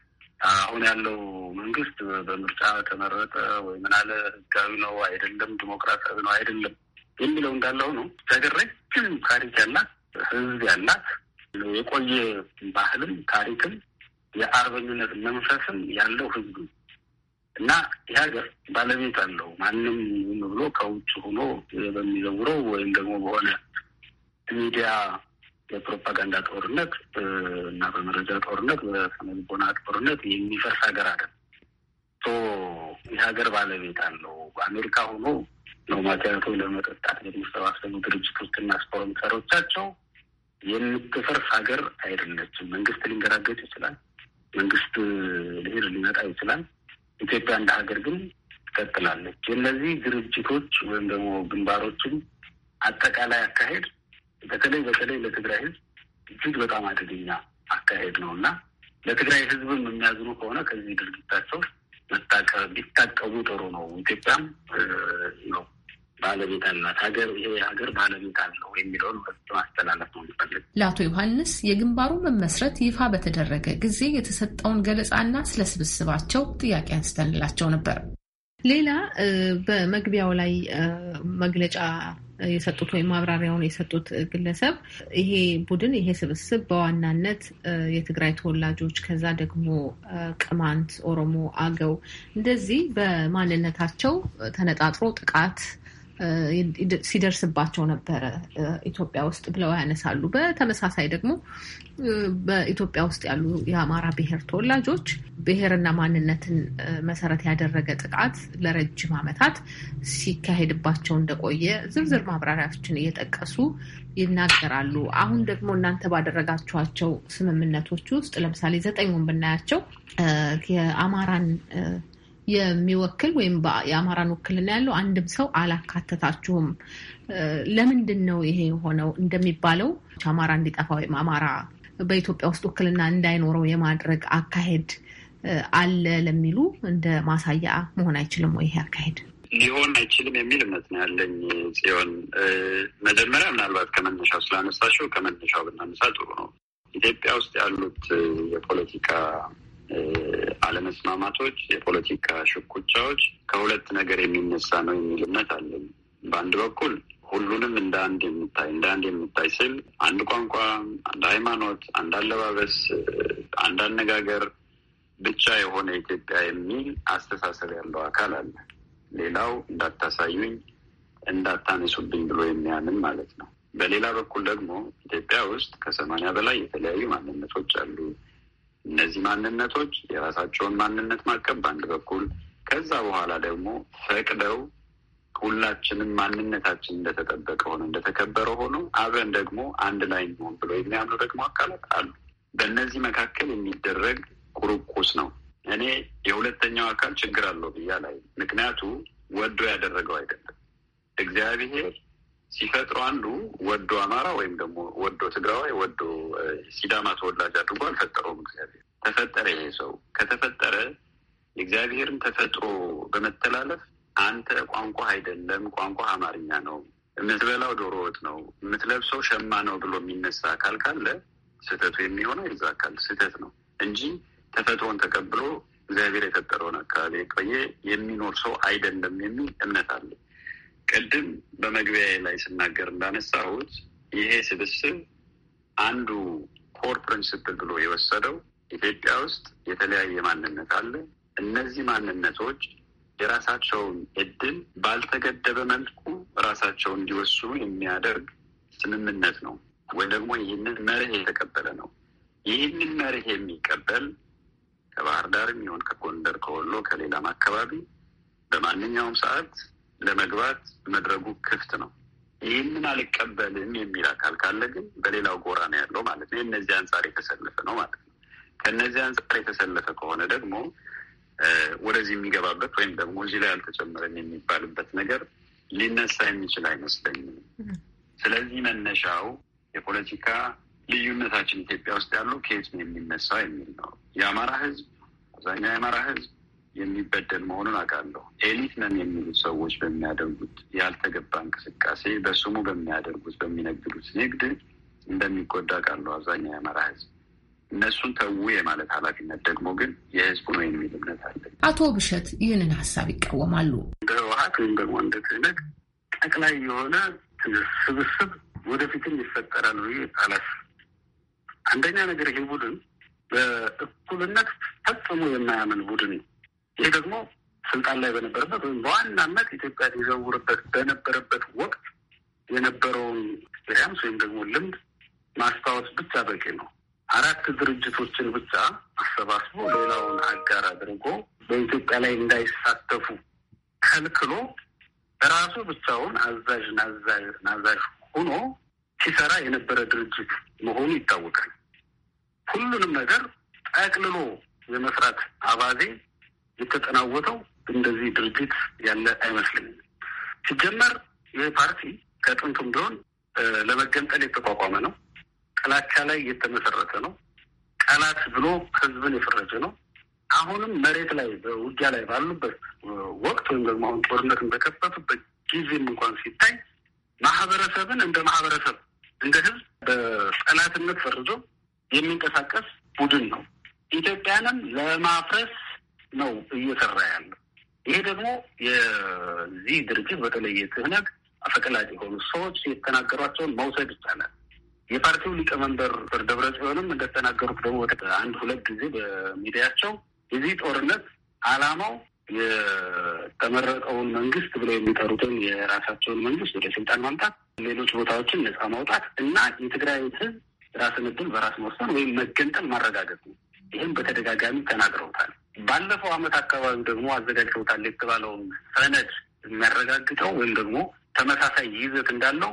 Speaker 2: አሁን ያለው መንግስት በምርጫ ተመረጠ ወይ ምን አለ ህጋዊ ነው አይደለም፣ ዲሞክራሲያዊ ነው አይደለም የሚለው እንዳለው ነው። ነገር ረጅም ታሪክ ያላት ህዝብ ያላት የቆየ ባህልም ታሪክም የአርበኝነት መንፈስም ያለው ህዝብ እና ይህ ሀገር ባለቤት አለው። ማንም ዝም ብሎ ከውጭ ሆኖ በሚዘውረው ወይም ደግሞ በሆነ ሚዲያ የፕሮፓጋንዳ ጦርነት እና በመረጃ ጦርነት፣ በስነልቦና ጦርነት የሚፈርስ ሀገር አለ የሀገር ባለቤት አለው። በአሜሪካ ሆኖ ነው ማቲያቶ ለመጠጣት የሚሰባሰቡ ድርጅቶችና ስፖንሰሮቻቸው የምትፈርስ ሀገር አይደለችም። መንግስት ሊንገራገጭ ይችላል። መንግስት ልሄድ ሊመጣ ይችላል። ኢትዮጵያ እንደ ሀገር ግን ትቀጥላለች። የእነዚህ ድርጅቶች ወይም ደግሞ ግንባሮችን አጠቃላይ አካሄድ በተለይ በተለይ ለትግራይ ህዝብ እጅግ በጣም አደገኛ አካሄድ ነው እና ለትግራይ ህዝብም የሚያዝኑ ከሆነ ከዚህ ድርጊታቸው ቢታቀቡ ጥሩ ነው። ኢትዮጵያም ነው ባለቤት አላት ሀገር ይሄ ሀገር ባለቤት አለው የሚለውን ማስተላለፍ ነው የሚፈልግ።
Speaker 1: ለአቶ ዮሐንስ የግንባሩ መመስረት ይፋ በተደረገ ጊዜ የተሰጠውን ገለጻና ስለ ስብስባቸው ጥያቄ አንስተንላቸው ነበር። ሌላ በመግቢያው ላይ መግለጫ የሰጡት ወይም ማብራሪያውን የሰጡት ግለሰብ ይሄ ቡድን ይሄ ስብስብ በዋናነት የትግራይ ተወላጆች ከዛ ደግሞ ቅማንት፣ ኦሮሞ፣ አገው እንደዚህ በማንነታቸው ተነጣጥሮ ጥቃት ሲደርስባቸው ነበረ ኢትዮጵያ ውስጥ ብለው ያነሳሉ። በተመሳሳይ ደግሞ በኢትዮጵያ ውስጥ ያሉ የአማራ ብሔር ተወላጆች ብሔርና ማንነትን መሰረት ያደረገ ጥቃት ለረጅም ዓመታት ሲካሄድባቸው እንደቆየ ዝርዝር ማብራሪያዎችን እየጠቀሱ ይናገራሉ። አሁን ደግሞ እናንተ ባደረጋችኋቸው ስምምነቶች ውስጥ ለምሳሌ ዘጠኙን ብናያቸው የአማራን የሚወክል ወይም የአማራን ውክልና ያለው አንድም ሰው አላካተታችሁም። ለምንድን ነው ይሄ የሆነው? እንደሚባለው አማራ እንዲጠፋ ወይም አማራ በኢትዮጵያ ውስጥ ውክልና እንዳይኖረው የማድረግ አካሄድ አለ ለሚሉ እንደ ማሳያ መሆን አይችልም ወይ? ይሄ አካሄድ ሊሆን አይችልም የሚል
Speaker 2: እምነት ነው ያለኝ። ጽዮን፣ መጀመሪያ ምናልባት ከመነሻው ስላነሳሽው ከመነሻው ብናነሳ ጥሩ ነው። ኢትዮጵያ ውስጥ ያሉት የፖለቲካ አለመስማማቶች፣ የፖለቲካ ሽኩቻዎች ከሁለት ነገር የሚነሳ ነው የሚል እምነት አለኝ። በአንድ በኩል ሁሉንም እንደ አንድ የምታይ እንደ አንድ የምታይ ስል አንድ ቋንቋ፣ አንድ ሃይማኖት፣ አንድ አለባበስ፣ አንድ አነጋገር ብቻ የሆነ ኢትዮጵያ የሚል አስተሳሰብ ያለው አካል አለ። ሌላው እንዳታሳዩኝ እንዳታነሱብኝ ብሎ የሚያምን ማለት ነው። በሌላ በኩል ደግሞ ኢትዮጵያ ውስጥ ከሰማንያ በላይ የተለያዩ ማንነቶች አሉ። እነዚህ ማንነቶች የራሳቸውን ማንነት ማቀብ በአንድ በኩል ከዛ በኋላ ደግሞ ፈቅደው ሁላችንም ማንነታችን እንደተጠበቀ ሆነ እንደተከበረ ሆኖ አብረን ደግሞ አንድ ላይ እንሆን ብሎ የሚያምኑ ደግሞ አካላት አሉ። በእነዚህ መካከል የሚደረግ ቁርቁስ ነው። እኔ የሁለተኛው አካል ችግር አለው ብያ ላይ ምክንያቱ ወዶ ያደረገው አይደለም። እግዚአብሔር ሲፈጥሩ አንዱ ወዶ አማራ ወይም ደግሞ ወዶ ትግራዋይ ወዶ ሲዳማ ተወላጅ አድርጎ አልፈጠረውም እግዚአብሔር። ተፈጠረ ይሄ ሰው ከተፈጠረ የእግዚአብሔርን ተፈጥሮ በመተላለፍ አንተ ቋንቋ አይደለም ቋንቋ አማርኛ ነው፣ የምትበላው ዶሮ ወጥ ነው፣ የምትለብሰው ሸማ ነው ብሎ የሚነሳ አካል ካለ ስህተቱ የሚሆነው የዛ አካል ስህተት ነው እንጂ ተፈጥሮን ተቀብሎ እግዚአብሔር የፈጠረውን አካባቢ የቆየ የሚኖር ሰው አይደለም የሚል እምነት አለ። ቅድም በመግቢያ ላይ ስናገር እንዳነሳሁት ይሄ ስብስብ አንዱ ኮር ፕሪንስፕል ብሎ የወሰደው ኢትዮጵያ ውስጥ የተለያየ ማንነት አለ። እነዚህ ማንነቶች የራሳቸውን እድል ባልተገደበ መልኩ ራሳቸውን እንዲወስኑ የሚያደርግ ስምምነት ነው ወይ ደግሞ ይህንን መርህ የተቀበለ ነው። ይህንን መርህ የሚቀበል ከባህር ዳርም ይሁን ከጎንደር፣ ከወሎ፣ ከሌላም አካባቢ በማንኛውም ሰዓት ለመግባት መድረጉ ክፍት ነው። ይህንን አልቀበልም የሚል አካል ካለ ግን በሌላው ጎራ ነው ያለው ማለት ነው። የእነዚህ አንጻር የተሰለፈ ነው ማለት ነው። ከእነዚህ አንጻር የተሰለፈ ከሆነ ደግሞ ወደዚህ የሚገባበት ወይም ደግሞ እዚህ ላይ አልተጨመረም የሚባልበት ነገር ሊነሳ የሚችል አይመስለኝም። ስለዚህ መነሻው የፖለቲካ ልዩነታችን ኢትዮጵያ ውስጥ ያለው ከየት ነው የሚነሳው የሚል ነው። የአማራ ሕዝብ አብዛኛው የአማራ ሕዝብ የሚበደል መሆኑን አውቃለሁ። ኤሊት ነን የሚሉት ሰዎች በሚያደርጉት ያልተገባ እንቅስቃሴ፣ በስሙ በሚያደርጉት በሚነግዱት ንግድ እንደሚጎዳ አውቃለሁ አብዛኛው የአማራ ህዝብ። እነሱን ተዉ የማለት ኃላፊነት ደግሞ ግን የህዝቡ ነው የሚል እምነት አለ።
Speaker 1: አቶ ብሸት ይህንን ሀሳብ ይቃወማሉ።
Speaker 2: እንደ ህወሀት ወይም ደግሞ እንደ ትህነግ ጠቅላይ የሆነ ስብስብ ወደፊትም ይፈጠራል ወይ አላስ አንደኛ ነገር ይሄ ቡድን በእኩልነት ፈጽሞ የማያምን ቡድን ነው። ይህ ደግሞ ስልጣን ላይ በነበረበት ወይም በዋናነት ኢትዮጵያ ሊዘውርበት በነበረበት ወቅት የነበረውን ኤክስፔሪንስ ወይም ደግሞ ልምድ ማስታወስ ብቻ በቂ ነው። አራት ድርጅቶችን ብቻ አሰባስቦ ሌላውን አጋር አድርጎ በኢትዮጵያ ላይ እንዳይሳተፉ ከልክሎ ራሱ ብቻውን አዛዥ ናዛዥ ሆኖ ሲሰራ የነበረ ድርጅት መሆኑ ይታወቃል። ሁሉንም ነገር ጠቅልሎ የመስራት አባዜ የተጠናወተው እንደዚህ ድርጅት ያለ አይመስለኝም። ሲጀመር ይህ ፓርቲ ከጥንቱም ቢሆን ለመገንጠል የተቋቋመ ነው። ጥላቻ ላይ የተመሰረተ ነው። ጠላት ብሎ ህዝብን የፈረጀ ነው። አሁንም መሬት ላይ በውጊያ ላይ ባሉበት ወቅት ወይም ደግሞ አሁን ጦርነትን በከፈቱበት ጊዜም እንኳን ሲታይ ማህበረሰብን እንደ ማህበረሰብ እንደ ህዝብ በጠላትነት ፈርጆ የሚንቀሳቀስ ቡድን ነው። ኢትዮጵያንም ለማፍረስ ነው እየሰራ ያለው። ይሄ ደግሞ የዚህ ድርጅት በተለየ የክህነት አፈቀላጭ የሆኑ ሰዎች የተናገሯቸውን መውሰድ ይቻላል። የፓርቲው ሊቀመንበር ደብረ ጽዮንም እንደተናገሩት ደግሞ አንድ ሁለት ጊዜ በሚዲያቸው የዚህ ጦርነት አላማው የተመረጠውን መንግስት ብለው የሚጠሩትን የራሳቸውን መንግስት ወደ ስልጣን ማምጣት፣ ሌሎች ቦታዎችን ነጻ ማውጣት እና የትግራይ ህዝብ ራስን በራስ መወሰን ወይም መገንጠል ማረጋገጥ ነው። ይህም በተደጋጋሚ ተናግረውታል። ባለፈው አመት አካባቢ ደግሞ አዘጋጅተውታል የተባለውን ሰነድ የሚያረጋግጠው ወይም ደግሞ ተመሳሳይ ይዘት እንዳለው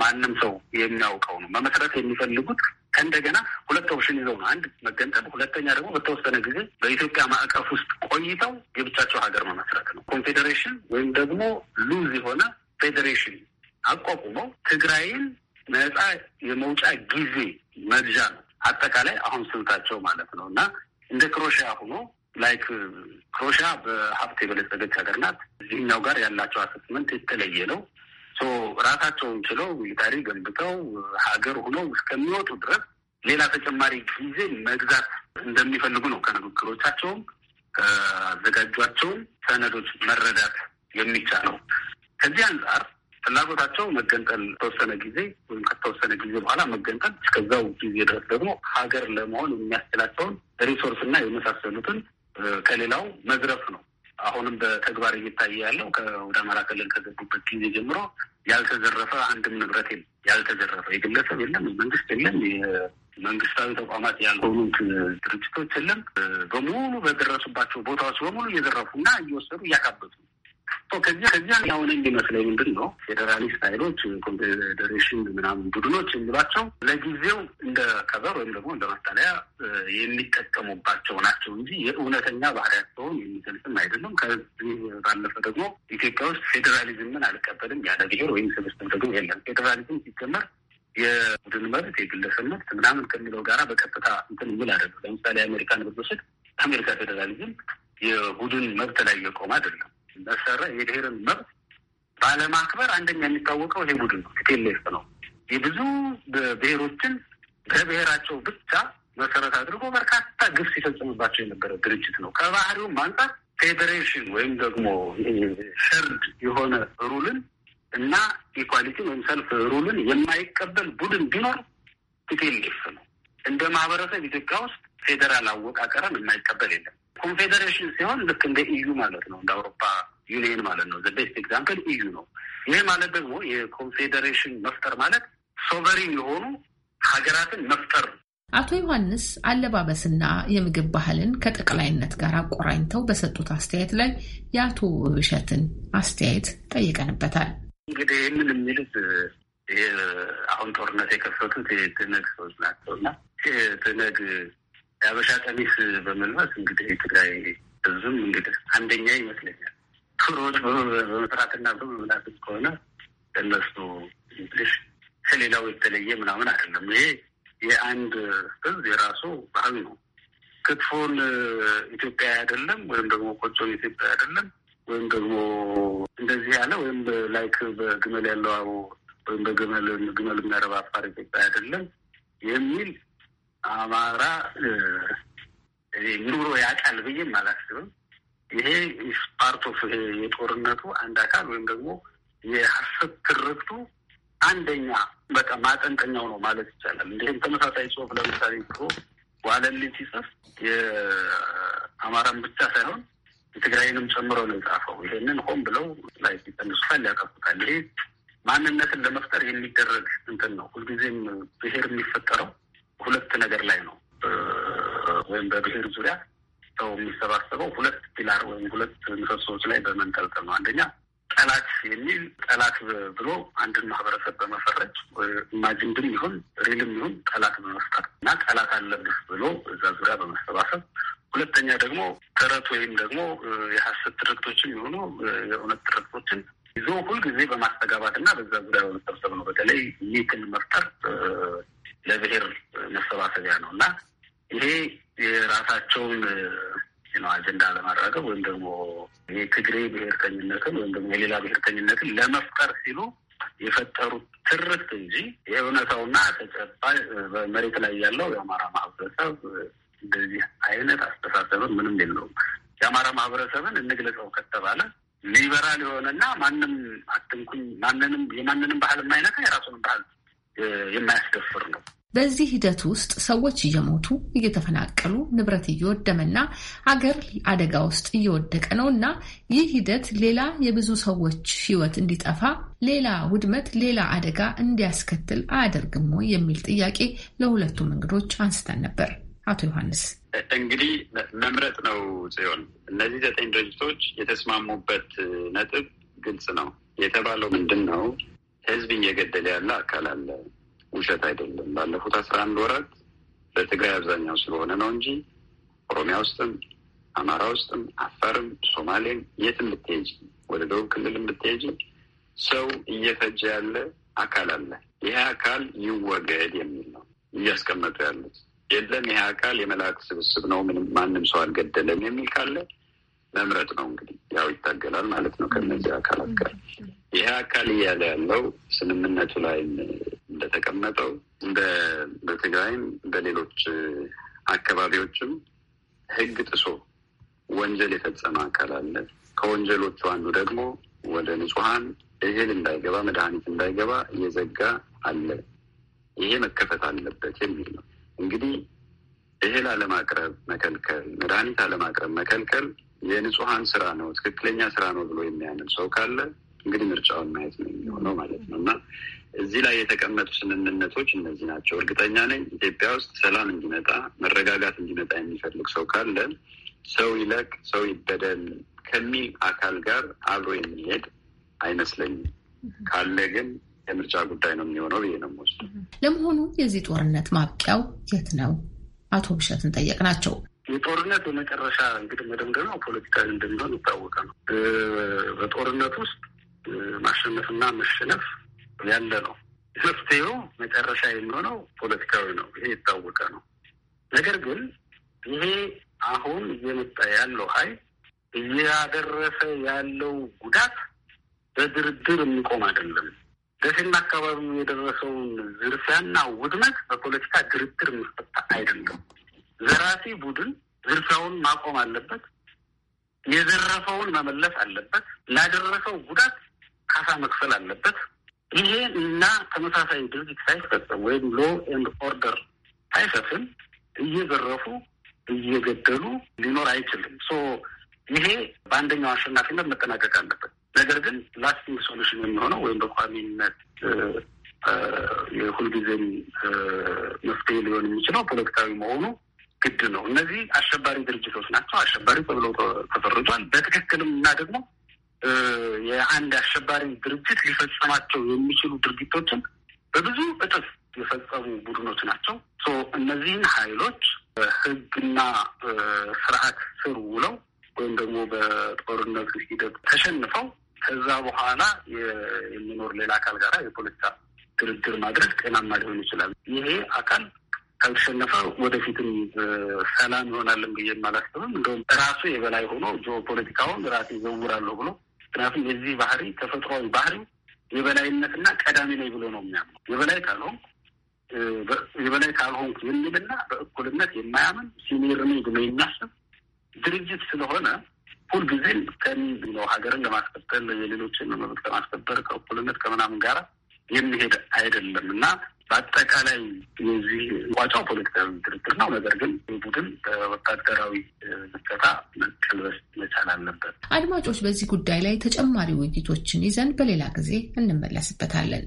Speaker 2: ማንም ሰው የሚያውቀው ነው። መመስረት የሚፈልጉት ከእንደገና ሁለት ኦፕሽን ይዘው ነው። አንድ መገንጠል፣ ሁለተኛ ደግሞ በተወሰነ ጊዜ በኢትዮጵያ ማዕቀፍ ውስጥ ቆይተው የብቻቸው ሀገር መመስረት ነው። ኮንፌዴሬሽን ወይም ደግሞ ሉዝ የሆነ ፌዴሬሽን አቋቁመው ትግራይን ነፃ የመውጫ ጊዜ መግዣ ነው አጠቃላይ አሁን ስልታቸው ማለት ነው እና እንደ ክሮሽያ ሆኖ ላይክ ክሮሻ በሀብት የበለጸገች ሀገር ናት። እዚህኛው ጋር ያላቸው አሰስመንት የተለየ ነው። ራሳቸውን ችለው ሚሊታሪ ገንብተው ሀገር ሆነው እስከሚወጡ ድረስ ሌላ ተጨማሪ ጊዜ መግዛት እንደሚፈልጉ ነው ከንግግሮቻቸውም ከዘጋጇቸውም ሰነዶች መረዳት የሚቻለው። ከዚህ አንጻር ፍላጎታቸው መገንጠል ተወሰነ ጊዜ ወይም ከተወሰነ ጊዜ በኋላ መገንጠል፣ እስከዛው ጊዜ ድረስ ደግሞ ሀገር ለመሆን የሚያስችላቸውን ሪሶርስ እና የመሳሰሉትን ከሌላው መዝረፍ ነው። አሁንም በተግባር እየታየ ያለው ወደ አማራ ክልል ከገቡበት ጊዜ ጀምሮ ያልተዘረፈ አንድም ንብረት የለም። ያልተዘረፈ የግለሰብ የለም፣ የመንግስት የለም፣ የመንግስታዊ ተቋማት ያልሆኑት ድርጅቶች የለም። በሙሉ በደረሱባቸው ቦታዎች በሙሉ እየዘረፉ እና እየወሰዱ እያካበቱ ከዚህ ከዚያ ያሁን እንዲመስለኝ ምንድን ነው ፌዴራሊስት ኃይሎች ኮንፌዴሬሽን ምናምን ቡድኖች የሚሏቸው ለጊዜው እንደ ከበር ወይም ደግሞ እንደ ማታለያ የሚጠቀሙባቸው ናቸው እንጂ የእውነተኛ ባህሪያቸውን የሚገልጽም አይደለም። ከዚህ ባለፈ ደግሞ ኢትዮጵያ ውስጥ ፌዴራሊዝምን አልቀበልም ያለ ብሔር ወይም ስብስብ ደግሞ የለም። ፌዴራሊዝም ሲጀመር የቡድን መብት፣ የግለሰብ መብት ምናምን ከሚለው ጋራ በቀጥታ እንትን የሚል አይደለም። ለምሳሌ አሜሪካን ብንወስድ አሜሪካ ፌዴራሊዝም የቡድን መብት ላይ የቆመ አይደለም። እንዳሰረ የብሔርን መብት ባለማክበር አንደኛ የሚታወቀው ይሄ ቡድን ነው፣ ቲፒኤልኤፍ ነው። የብዙ ብሔሮችን በብሔራቸው ብቻ መሰረት አድርጎ በርካታ ግፍ ሲፈጽምባቸው የነበረ ድርጅት ነው። ከባህሪውም አንጻር ፌዴሬሽን ወይም ደግሞ ሸርድ የሆነ ሩልን እና ኢኳሊቲን ወይም ሰልፍ ሩልን የማይቀበል ቡድን ቢኖር ቲፒኤልኤፍ ነው። እንደ ማህበረሰብ ኢትዮጵያ ውስጥ ፌዴራል አወቃቀረን የማይቀበል የለም። ኮንፌዴሬሽን ሲሆን ልክ እንደ ኢዩ ማለት ነው፣ እንደ አውሮፓ ዩኒየን ማለት ነው። ዘቤስት ኤግዛምፕል ኢዩ ነው። ይህ ማለት ደግሞ የኮንፌዴሬሽን መፍጠር ማለት ሶቨሪን የሆኑ ሀገራትን
Speaker 1: መፍጠር ነው። አቶ ዮሐንስ አለባበስና የምግብ ባህልን ከጠቅላይነት ጋር አቆራኝተው በሰጡት አስተያየት ላይ የአቶ ውብሸትን አስተያየት ጠይቀንበታል።
Speaker 6: እንግዲህ ይህንን የሚሉት
Speaker 2: አሁን ጦርነት የከፈቱት የትነግ ሰዎች ናቸው እና ትነግ የአበሻ ቀሚስ በመልባት እንግዲህ የትግራይ ህዝብም እንግዲህ አንደኛ ይመስለኛል። ክሮች በመስራትና በመብላት ከሆነ ለነሱ እንግዲህ ከሌላው የተለየ ምናምን አይደለም። ይሄ የአንድ ህዝብ የራሱ ባህል ነው። ክትፎን ኢትዮጵያ አይደለም ወይም ደግሞ ቆጮን ኢትዮጵያ አይደለም ወይም ደግሞ እንደዚህ ያለ ወይም ላይክ በግመል ያለው ወይም በግመል ግመል የሚያረባ አፋር ኢትዮጵያ አይደለም የሚል አማራ ኑሮ ያውቃል ብዬም አላስብም። ይሄ ፓርት ኦፍ የጦርነቱ አንድ አካል ወይም ደግሞ የሀሰት ትርክቱ አንደኛ በቃ ማጠንቀኛው ነው ማለት ይቻላል። እንዲህም ተመሳሳይ ጽሁፍ ለምሳሌ ጥሩ ዋለልኝ ሲጽፍ የአማራን ብቻ ሳይሆን የትግራይንም ጨምሮ ነው የጻፈው። ይሄንን ሆን ብለው ላይ ጠንሱታል፣ ያቀፉታል። ይሄ ማንነትን ለመፍጠር የሚደረግ እንትን ነው። ሁልጊዜም ብሄር የሚፈጠረው ሁለት ነገር ላይ ነው ወይም በብሔር ዙሪያ ሰው የሚሰባሰበው ሁለት ፒላር ወይም ሁለት ምሰሶዎች ላይ በመንጠልጠል ነው። አንደኛ ጠላት የሚል ጠላት ብሎ አንድን ማህበረሰብ በመፈረጅ ኢማጅንድም ይሁን ሪልም ይሁን ጠላት በመፍጠር እና ጠላት አለብህ ብሎ እዛ ዙሪያ በመሰባሰብ ሁለተኛ ደግሞ ተረት ወይም ደግሞ የሀሰት ትርክቶችን የሆኑ የእውነት ትርክቶችን ይዞ ሁልጊዜ በማስተጋባት እና በዛ ዙሪያ በመሰብሰብ ነው። በተለይ ሚትን መፍጠር ለብሔር መሰባሰቢያ ነው እና ይሄ የራሳቸውን ነው አጀንዳ ለማራገብ ወይም ደግሞ የትግሬ ብሔርተኝነትን ወይም ደግሞ የሌላ ብሔርተኝነትን ለመፍጠር ሲሉ የፈጠሩት ትርክት እንጂ የእውነታውና ተጨባጭ በመሬት ላይ ያለው የአማራ ማህበረሰብ እንደዚህ አይነት አስተሳሰብን ምንም የለውም። የአማራ ማህበረሰብን እንግለጸው ከተባለ ሊበራል የሆነና ማንም አትንኩኝ፣ ማንንም የማንንም ባህል የማይነካ የራሱንም ባህል የማያስደፍር ነው።
Speaker 1: በዚህ ሂደት ውስጥ ሰዎች እየሞቱ እየተፈናቀሉ ንብረት እየወደመና አገር አደጋ ውስጥ እየወደቀ ነው እና ይህ ሂደት ሌላ የብዙ ሰዎች ሕይወት እንዲጠፋ ሌላ ውድመት፣ ሌላ አደጋ እንዲያስከትል አያደርግም ወይ የሚል ጥያቄ ለሁለቱም እንግዶች አንስተን ነበር። አቶ ዮሐንስ
Speaker 2: እንግዲህ መምረጥ ነው ጽዮን እነዚህ ዘጠኝ ድርጅቶች የተስማሙበት ነጥብ ግልጽ ነው የተባለው ምንድን ነው ህዝብ እየገደለ ያለ አካል አለ። ውሸት አይደለም። ባለፉት አስራ አንድ ወራት በትግራይ አብዛኛው ስለሆነ ነው እንጂ ኦሮሚያ ውስጥም አማራ ውስጥም አፋርም ሶማሌም የትም ብትሄጂ ወደ ደቡብ ክልልም ብትሄጂ ሰው እየፈጀ ያለ አካል አለ። ይሄ አካል ይወገድ የሚል ነው እያስቀመጡ ያሉት። የለም ይሄ አካል የመላእክት ስብስብ ነው፣ ምንም ማንም ሰው አልገደለም የሚል ካለ መምረጥ ነው እንግዲህ። ያው ይታገላል ማለት ነው ከነዚህ አካላት ጋር ይህ አካል እያለ ያለው ስምምነቱ ላይም እንደተቀመጠው በትግራይም በሌሎች አካባቢዎችም ህግ ጥሶ ወንጀል የፈጸመ አካል አለ። ከወንጀሎቹ አንዱ ደግሞ ወደ ንጹሐን እህል እንዳይገባ መድኃኒት እንዳይገባ እየዘጋ አለ። ይሄ መከፈት አለበት የሚል ነው። እንግዲህ እህል አለማቅረብ መከልከል፣ መድኃኒት አለማቅረብ መከልከል የንጹሐን ስራ ነው፣ ትክክለኛ ስራ ነው ብሎ የሚያምን ሰው ካለ እንግዲህ ምርጫውን ማየት ነው የሚሆነው ማለት ነው እና እዚህ ላይ የተቀመጡ ስምምነቶች እነዚህ ናቸው። እርግጠኛ ነኝ ኢትዮጵያ ውስጥ ሰላም እንዲመጣ መረጋጋት እንዲመጣ የሚፈልግ ሰው ካለ ሰው ይለቅ፣ ሰው ይበደል ከሚል አካል ጋር አብሮ የሚሄድ አይመስለኝም። ካለ ግን የምርጫ ጉዳይ ነው የሚሆነው ብዬ ነው የምወስደው።
Speaker 1: ለመሆኑ የዚህ ጦርነት ማብቂያው የት ነው? አቶ ብሸትን
Speaker 7: ጠየቅናቸው።
Speaker 2: የጦርነት የመጨረሻ እንግዲህ መደምደሚያው ፖለቲካዊ እንደሚሆን ይታወቀ ነው። በጦርነት ውስጥ ማሸነፍና መሸነፍ ያለ ነው። መፍትሄው መጨረሻ የሚሆነው ፖለቲካዊ ነው። ይሄ የታወቀ ነው። ነገር ግን ይሄ አሁን እየመጣ ያለው ኃይል እያደረሰ ያለው ጉዳት በድርድር የሚቆም አይደለም። ደሴና አካባቢው የደረሰውን ዝርፊያና ውድመት በፖለቲካ ድርድር የሚፈታ አይደለም። ዘራፊ ቡድን ዝርፊያውን ማቆም አለበት። የዘረፈውን መመለስ አለበት። ላደረሰው ጉዳት ካሳ መክፈል አለበት። ይሄ እና ተመሳሳይ ድርጊት ሳይፈጸም ወይም ሎ ኤንድ ኦርደር ሳይሰፍን እየዘረፉ እየገደሉ ሊኖር አይችልም። ሶ ይሄ በአንደኛው አሸናፊነት መጠናቀቅ አለበት። ነገር ግን ላስቲንግ ሶሉሽን የሚሆነው ወይም በቋሚነት የሁልጊዜም መፍትሄ ሊሆን የሚችለው ፖለቲካዊ መሆኑ ግድ ነው። እነዚህ አሸባሪ ድርጅቶች ናቸው። አሸባሪ ተብለው ተፈርጇል። በትክክልም እና ደግሞ የአንድ አሸባሪ ድርጅት ሊፈጸማቸው የሚችሉ ድርጊቶችን በብዙ እጥፍ የፈጸሙ ቡድኖች ናቸው። እነዚህን ኃይሎች ሕግና ስርዓት ስር ውለው ወይም ደግሞ በጦርነት ሂደት ተሸንፈው ከዛ በኋላ የሚኖር ሌላ አካል ጋራ የፖለቲካ ድርድር ማድረግ ጤናማ ሊሆን ይችላል። ይሄ አካል ካልተሸነፈ ወደፊትም ሰላም ይሆናልን ብዬ አላስብም። እንደውም ራሱ የበላይ ሆኖ ፖለቲካውን ራሱ ይዘውራለሁ ብሎ ምክንያቱም የዚህ ባህሪ ተፈጥሯዊ ባህሪው የበላይነትና ቀዳሚ ነኝ ብሎ ነው የሚያምነው። የበላይ ካልሆንኩ የበላይ ካልሆንኩ የሚልና በእኩልነት የማያምን ሲኒየር ነኝ ብሎ የሚያስብ ድርጅት ስለሆነ ሁልጊዜም ከሚለው ሀገርን ለማስከበር የሌሎችን መብት ለማስከበር ከእኩልነት ከምናምን ጋር የሚሄድ አይደለም እና በአጠቃላይ የዚህ ቋጫው ፖለቲካዊ ድርድር ነው። ነገር ግን ቡድን በወታደራዊ ምከታ መቀልበስ መቻል አለበት።
Speaker 1: አድማጮች፣ በዚህ ጉዳይ ላይ ተጨማሪ ውይይቶችን ይዘን በሌላ ጊዜ እንመለስበታለን።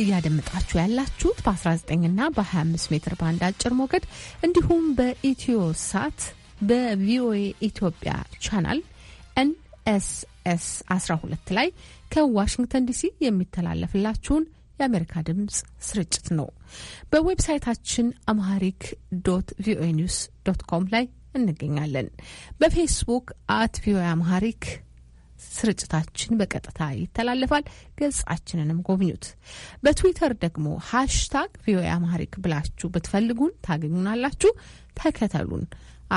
Speaker 1: እያደመጣችሁ ያላችሁት በ19 እና በ25 ሜትር ባንድ አጭር ሞገድ እንዲሁም በኢትዮ ሳት በቪኦኤ ኢትዮጵያ ቻናል ኤንኤስኤስ 12 ላይ ከዋሽንግተን ዲሲ የሚተላለፍላችሁን የአሜሪካ ድምፅ ስርጭት ነው። በዌብሳይታችን አምሃሪክ ዶት ቪኦኤ ኒውስ ዶት ኮም ላይ እንገኛለን። በፌስቡክ አት ቪኦኤ አምሃሪክ ስርጭታችን በቀጥታ ይተላለፋል። ገጻችንንም ጎብኙት። በትዊተር ደግሞ ሃሽታግ ቪኦኤ አማሪክ ብላችሁ ብትፈልጉን ታገኙናላችሁ። ተከተሉን።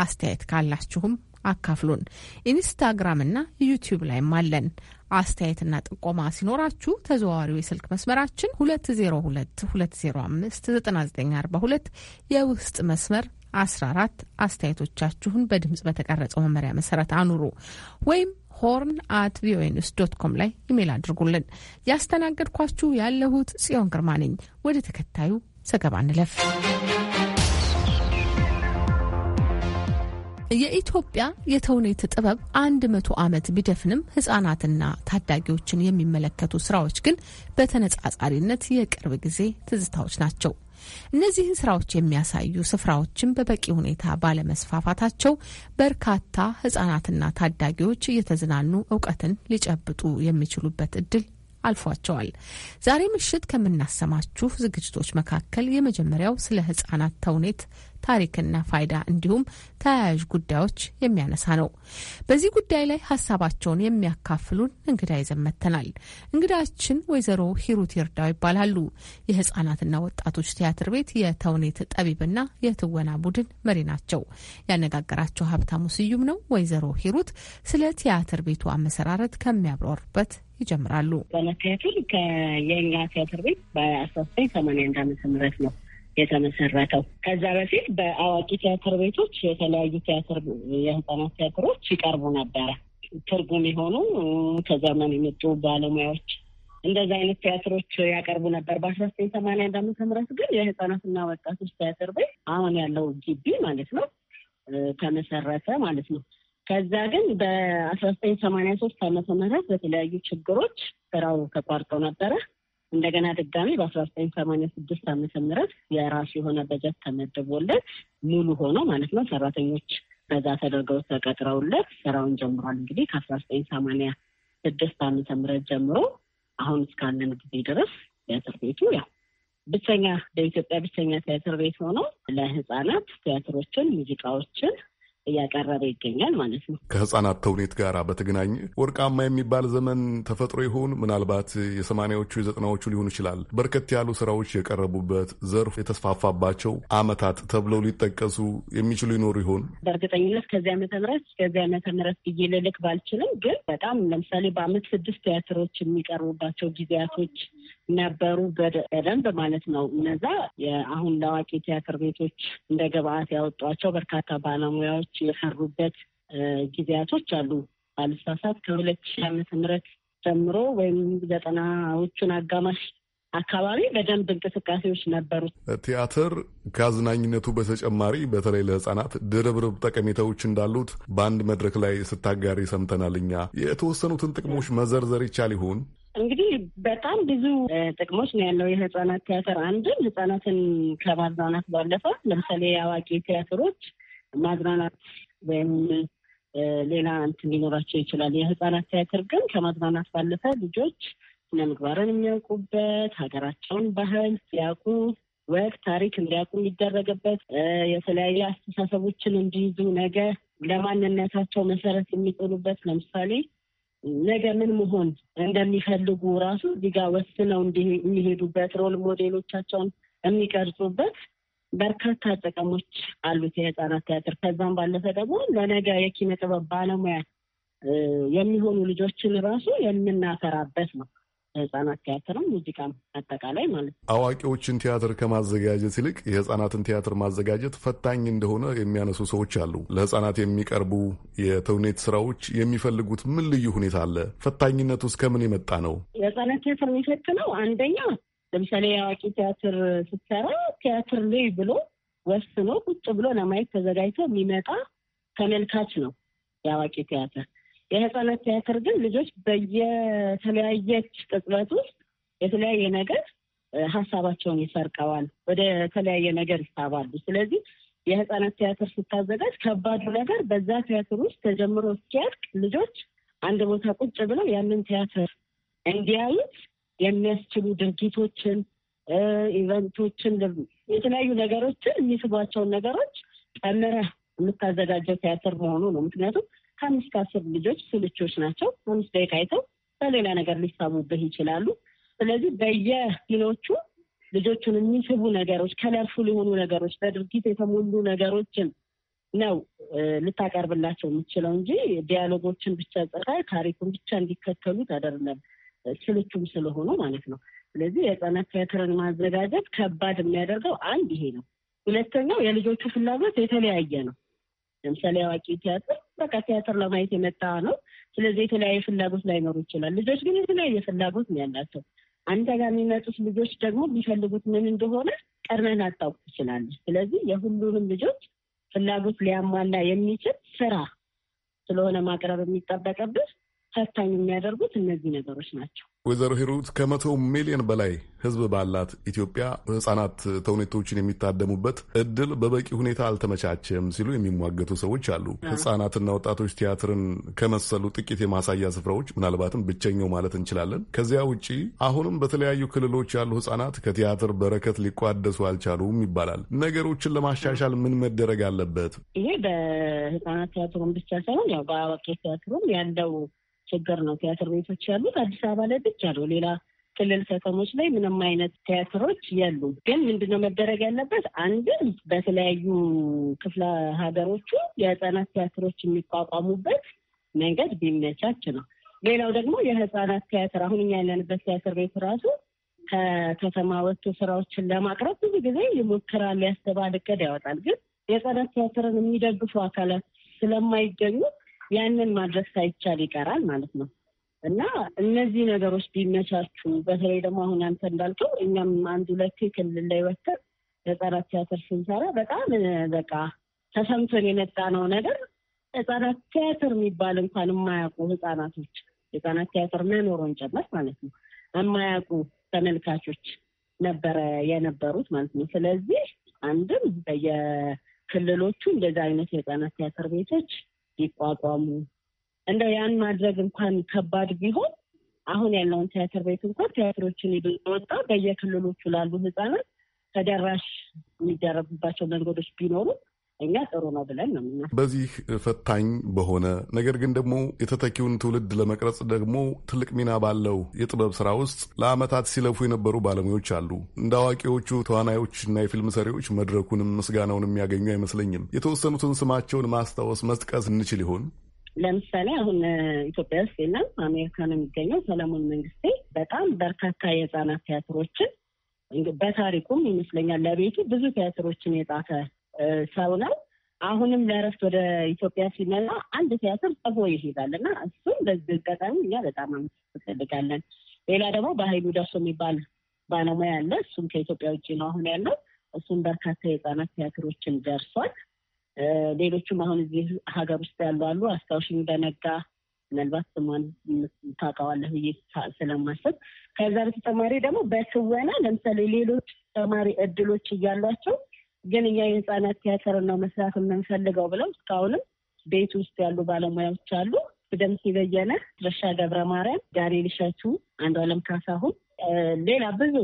Speaker 1: አስተያየት ካላችሁም አካፍሉን። ኢንስታግራምና ዩቲዩብ ላይም አለን። አስተያየትና ጥቆማ ሲኖራችሁ ተዘዋዋሪው የስልክ መስመራችን 2022059942 የውስጥ መስመር 14 አስተያየቶቻችሁን በድምጽ በተቀረጸው መመሪያ መሰረት አኑሩ ወይም ሆርን አት ቪኦኤ ኒውስ ዶት ኮም ላይ ኢሜይል አድርጉልን። ያስተናገድኳችሁ ያለሁት ጽዮን ግርማ ነኝ። ወደ ተከታዩ ዘገባ እንለፍ። የኢትዮጵያ የተውኔት ጥበብ አንድ መቶ ዓመት ቢደፍንም ህጻናትና ታዳጊዎችን የሚመለከቱ ስራዎች ግን በተነጻጻሪነት የቅርብ ጊዜ ትዝታዎች ናቸው። እነዚህን ስራዎች የሚያሳዩ ስፍራዎችን በበቂ ሁኔታ ባለመስፋፋታቸው በርካታ ህጻናትና ታዳጊዎች እየተዝናኑ እውቀትን ሊጨብጡ የሚችሉበት እድል አልፏቸዋል። ዛሬ ምሽት ከምናሰማችሁ ዝግጅቶች መካከል የመጀመሪያው ስለ ህጻናት ተውኔት ታሪክና ፋይዳ እንዲሁም ተያያዥ ጉዳዮች የሚያነሳ ነው። በዚህ ጉዳይ ላይ ሀሳባቸውን የሚያካፍሉን እንግዳ ይዘን መጥተናል። እንግዳችን ወይዘሮ ሂሩት ይርዳው ይባላሉ። የህጻናትና ወጣቶች ቲያትር ቤት የተውኔት ጠቢብና የትወና ቡድን መሪ ናቸው። ያነጋገራቸው ሀብታሙ ስዩም ነው። ወይዘሮ ሂሩት ስለ ቲያትር ቤቱ አመሰራረት ከሚያብራሩበት ይጀምራሉ።
Speaker 7: ቲያትር ከየኛ ቲያትር ቤት በአስራ ዘጠኝ ሰማንያ አንድ ዓመተ ምህረት ነው የተመሰረተው። ከዛ በፊት በአዋቂ ቲያትር ቤቶች የተለያዩ ቲያትር የህፃናት ቲያትሮች ይቀርቡ ነበረ። ትርጉም የሆኑ ከዘመን የመጡ ባለሙያዎች እንደዚ አይነት ቲያትሮች ያቀርቡ ነበር። በአስራ ዘጠኝ ሰማንያ አንድ ዓመተ ምህረት ግን የህፃናትና ወጣቶች ቲያትር ቤት አሁን ያለው ግቢ ማለት ነው ተመሰረተ ማለት ነው። ከዛ ግን በአስራ ዘጠኝ ሰማንያ ሶስት ዓመተ ምህረት በተለያዩ ችግሮች ስራው ተቋርጦ ነበረ። እንደገና ድጋሜ በአስራ ዘጠኝ ሰማንያ ስድስት ዓመተ ምህረት የራሱ የሆነ በጀት ተመድቦለት ሙሉ ሆኖ ማለት ነው ሰራተኞች በዛ ተደርገው ተቀጥረውለት ስራውን ጀምሯል። እንግዲህ ከአስራ ዘጠኝ ሰማንያ ስድስት ዓመተ ምህረት ጀምሮ አሁን እስካለን ጊዜ ድረስ ቲያትር ቤቱ ያው ብቸኛ በኢትዮጵያ ብቸኛ ቲያትር ቤት ሆኖ ለህፃናት ቲያትሮችን፣ ሙዚቃዎችን እያቀረበ ይገኛል ማለት ነው።
Speaker 5: ከህጻናት ተውኔት ጋር በተገናኘ ወርቃማ የሚባል ዘመን ተፈጥሮ ይሆን? ምናልባት የሰማንያዎቹ የዘጠናዎቹ ሊሆን ይችላል። በርከት ያሉ ስራዎች የቀረቡበት ዘርፍ የተስፋፋባቸው አመታት ተብለው ሊጠቀሱ የሚችሉ ይኖሩ ይሆን?
Speaker 7: በእርግጠኝነት ከዚህ ዓመተ ምህረት ከዚህ ዓመተ ምህረት ብዬ ልልክ ባልችልም፣ ግን በጣም ለምሳሌ በአመት ስድስት ቲያትሮች የሚቀርቡባቸው ጊዜያቶች ነበሩ በደንብ ማለት ነው። እነዛ የአሁን ለአዋቂ ቲያትር ቤቶች እንደ ግብአት ያወጧቸው በርካታ ባለሙያዎች የሰሩበት ጊዜያቶች አሉ። ባልሳሳት ከሁለት ሺህ ዓመተ ምህረት ጀምሮ ወይም ዘጠናዎቹን አጋማሽ አካባቢ በደንብ እንቅስቃሴዎች ነበሩ።
Speaker 5: ቲያትር ከአዝናኝነቱ በተጨማሪ በተለይ ለህጻናት ድርብርብ ጠቀሜታዎች እንዳሉት በአንድ መድረክ ላይ ስታጋሪ ሰምተናል። እኛ የተወሰኑትን ጥቅሞች መዘርዘር ይቻል ይሆን?
Speaker 7: እንግዲህ በጣም ብዙ ጥቅሞች ነው ያለው የህፃናት ቲያትር። አንድም ህፃናትን ከማዝናናት ባለፈ ለምሳሌ የአዋቂ ቲያትሮች ማዝናናት ወይም ሌላ እንትን ሊኖራቸው ይችላል። የህፃናት ቲያትር ግን ከማዝናናት ባለፈ ልጆች ስነምግባርን የሚያውቁበት ሀገራቸውን ባህል ሲያውቁ ወቅት ታሪክ እንዲያውቁ የሚደረግበት የተለያዩ አስተሳሰቦችን እንዲይዙ ነገ ለማንነታቸው መሰረት የሚጥሉበት ለምሳሌ ነገ ምን መሆን እንደሚፈልጉ ራሱ እዚጋ ወስነው የሚሄዱበት ሮል ሞዴሎቻቸውን የሚቀርጹበት በርካታ ጥቅሞች አሉት የህፃናት ቲያትር። ከዛም ባለፈ ደግሞ ለነገ የኪነ ጥበብ ባለሙያ የሚሆኑ ልጆችን ራሱ የምናፈራበት ነው። ህጻናት ቲያትርም ሙዚቃም አጠቃላይ ማለት ነው።
Speaker 5: አዋቂዎችን ቲያትር ከማዘጋጀት ይልቅ የህጻናትን ቲያትር ማዘጋጀት ፈታኝ እንደሆነ የሚያነሱ ሰዎች አሉ። ለህጻናት የሚቀርቡ የተውኔት ስራዎች የሚፈልጉት ምን ልዩ ሁኔታ አለ? ፈታኝነቱ እስከ ምን የመጣ ነው?
Speaker 7: የህጻናት ቲያትር የሚፈትነው አንደኛ ለምሳሌ የአዋቂ ቲያትር ስትሰራ ቲያትር ልይ ብሎ ወስኖ ቁጭ ብሎ ለማየት ተዘጋጅቶ የሚመጣ ተመልካች ነው የአዋቂ ቲያትር የህፃናት ቲያትር ግን ልጆች በየተለያየች ቅጽበት ውስጥ የተለያየ ነገር ሀሳባቸውን ይሰርቀዋል፣ ወደ ተለያየ ነገር ይሳባሉ። ስለዚህ የህፃናት ቲያትር ስታዘጋጅ ከባዱ ነገር በዛ ቲያትር ውስጥ ተጀምሮ እስኪያልቅ ልጆች አንድ ቦታ ቁጭ ብለው ያንን ቲያትር እንዲያዩት የሚያስችሉ ድርጊቶችን፣ ኢቨንቶችን፣ የተለያዩ ነገሮችን የሚስቧቸውን ነገሮች ጨምረህ የምታዘጋጀው ቲያትር መሆኑ ነው። ምክንያቱም ከአምስት አስር ልጆች ስልቾች ናቸው። አምስት ደቂቃ አይተው በሌላ ነገር ሊሳቡብህ ይችላሉ። ስለዚህ በየፊኖቹ ልጆቹን የሚስቡ ነገሮች፣ ከለርፉል የሆኑ ነገሮች፣ በድርጊት የተሞሉ ነገሮችን ነው ልታቀርብላቸው የምችለው እንጂ ዲያሎጎችን ብቻ ጸራ ታሪኩን ብቻ እንዲከተሉት አደርለም ስልቹም ስለሆኑ ማለት ነው። ስለዚህ የህጻናት ቲያትርን ማዘጋጀት ከባድ የሚያደርገው አንድ ይሄ ነው። ሁለተኛው የልጆቹ ፍላጎት የተለያየ ነው። ለምሳሌ አዋቂ ቲያትር በቃ ቲያትር ለማየት የመጣ ነው። ስለዚህ የተለያየ ፍላጎት ላይኖሩ ይችላል። ልጆች ግን የተለያየ ፍላጎት ነው ያላቸው። አንተ ጋር የሚመጡት ልጆች ደግሞ የሚፈልጉት ምን እንደሆነ ቀድመን አታውቅ ትችላለህ። ስለዚህ የሁሉንም ልጆች ፍላጎት ሊያሟላ የሚችል ስራ ስለሆነ ማቅረብ የሚጠበቅብህ ፈታኝ የሚያደርጉት እነዚህ ነገሮች ናቸው።
Speaker 5: ወይዘሮ ሂሩት ከመቶ ሚሊዮን በላይ ህዝብ ባላት ኢትዮጵያ ህጻናት ተውኔቶችን የሚታደሙበት እድል በበቂ ሁኔታ አልተመቻቸም ሲሉ የሚሟገቱ ሰዎች አሉ። ህጻናትና ወጣቶች ቲያትርን ከመሰሉ ጥቂት የማሳያ ስፍራዎች ምናልባትም ብቸኛው ማለት እንችላለን። ከዚያ ውጪ አሁንም በተለያዩ ክልሎች ያሉ ህጻናት ከቲያትር በረከት ሊቋደሱ አልቻሉም ይባላል። ነገሮችን ለማሻሻል ምን መደረግ አለበት?
Speaker 7: ይሄ በህጻናት ቲያትሩን ብቻ ሳይሆን ያው በአዋቂ ቲያትሩም ያለው ችግር ነው ቲያትር ቤቶች ያሉት። አዲስ አበባ ላይ ብቻ ነው። ሌላ ክልል ከተሞች ላይ ምንም አይነት ቲያትሮች የሉም። ግን ምንድነው መደረግ ያለበት? አንድም በተለያዩ ክፍለ ሀገሮቹ የህፃናት ቲያትሮች የሚቋቋሙበት መንገድ ቢመቻች ነው። ሌላው ደግሞ የህፃናት ቲያትር አሁን እኛ ያለንበት ቲያትር ቤት ራሱ ከከተማ ወጥቶ ስራዎችን ለማቅረብ ብዙ ጊዜ ይሞክራል፣ ያስተባል፣ እቅድ ያወጣል። ግን የህፃናት ቲያትርን የሚደግፉ አካላት ስለማይገኙ ያንን ማድረግ ሳይቻል ይቀራል ማለት ነው እና እነዚህ ነገሮች ቢመቻቹ፣ በተለይ ደግሞ አሁን አንተ እንዳልከው እኛም አንድ ሁለቴ ክልል ላይ ወተን ለህጻናት ቲያትር ስንሰራ በጣም በቃ ተሰምቶን የመጣ ነው ነገር ህጻናት ቲያትር የሚባል እንኳን የማያውቁ ህጻናቶች ህጻናት ቲያትር መኖሩን ጨመር ማለት ነው የማያውቁ ተመልካቾች ነበረ የነበሩት ማለት ነው። ስለዚህ አንድም በየክልሎቹ እንደዚ አይነት የህጻናት ቲያትር ቤቶች ሊቋቋሙ እንደው ያን ማድረግ እንኳን ከባድ ቢሆን አሁን ያለውን ቲያትር ቤት እንኳን ቲያትሮችን ወጣ በየክልሎቹ ላሉ ህጻናት ተደራሽ የሚደረጉባቸው መንገዶች ቢኖሩ ለእኛ ጥሩ ነው ብለን ነው ምና
Speaker 5: በዚህ ፈታኝ በሆነ ነገር ግን ደግሞ የተተኪውን ትውልድ ለመቅረጽ ደግሞ ትልቅ ሚና ባለው የጥበብ ስራ ውስጥ ለአመታት ሲለፉ የነበሩ ባለሙያዎች አሉ። እንደ አዋቂዎቹ ተዋናዮችና የፊልም ሰሪዎች መድረኩንም ምስጋናውን የሚያገኙ አይመስለኝም። የተወሰኑትን ስማቸውን ማስታወስ መጥቀስ እንችል ይሆን?
Speaker 7: ለምሳሌ አሁን ኢትዮጵያ ውስጥ የለም፣ አሜሪካ ነው የሚገኘው። ሰለሞን መንግስቴ በጣም በርካታ የህፃናት ቲያትሮችን በታሪኩም ይመስለኛል ለቤቱ ብዙ ቲያትሮችን የጻፈ ሰው ነው። አሁንም ለእረፍት ወደ ኢትዮጵያ ሲመጣ አንድ ቲያትር ጽፎ ይሄዳል እና እሱም በዚህ አጋጣሚ እኛ በጣም እንፈልጋለን። ሌላ ደግሞ በሀይሉ ደርሶ የሚባል ባለሙያ ያለ እሱም ከኢትዮጵያ ውጭ ነው አሁን ያለው። እሱም በርካታ የህፃናት ቲያትሮችን ደርሷል። ሌሎቹም አሁን እዚህ ሀገር ውስጥ ያሉ አሉ። አስታውሽኝ በነጋ ምናልባት ስሟን ታውቃዋለህ ብዬ ስለማሰብ፣ ከዛ በተጨማሪ ደግሞ በትወና ለምሳሌ ሌሎች ተማሪ እድሎች እያሏቸው ግን እኛ የህፃናት ቲያትርን ነው መስራት የምንፈልገው ብለው እስካሁንም ቤት ውስጥ ያሉ ባለሙያዎች አሉ። በደምስ በየነ፣ ረሻ ገብረ ማርያም፣ ዳንኤል ልሸቱ፣ አንዱ አለም ካሳሁን፣ ሌላ ብዙ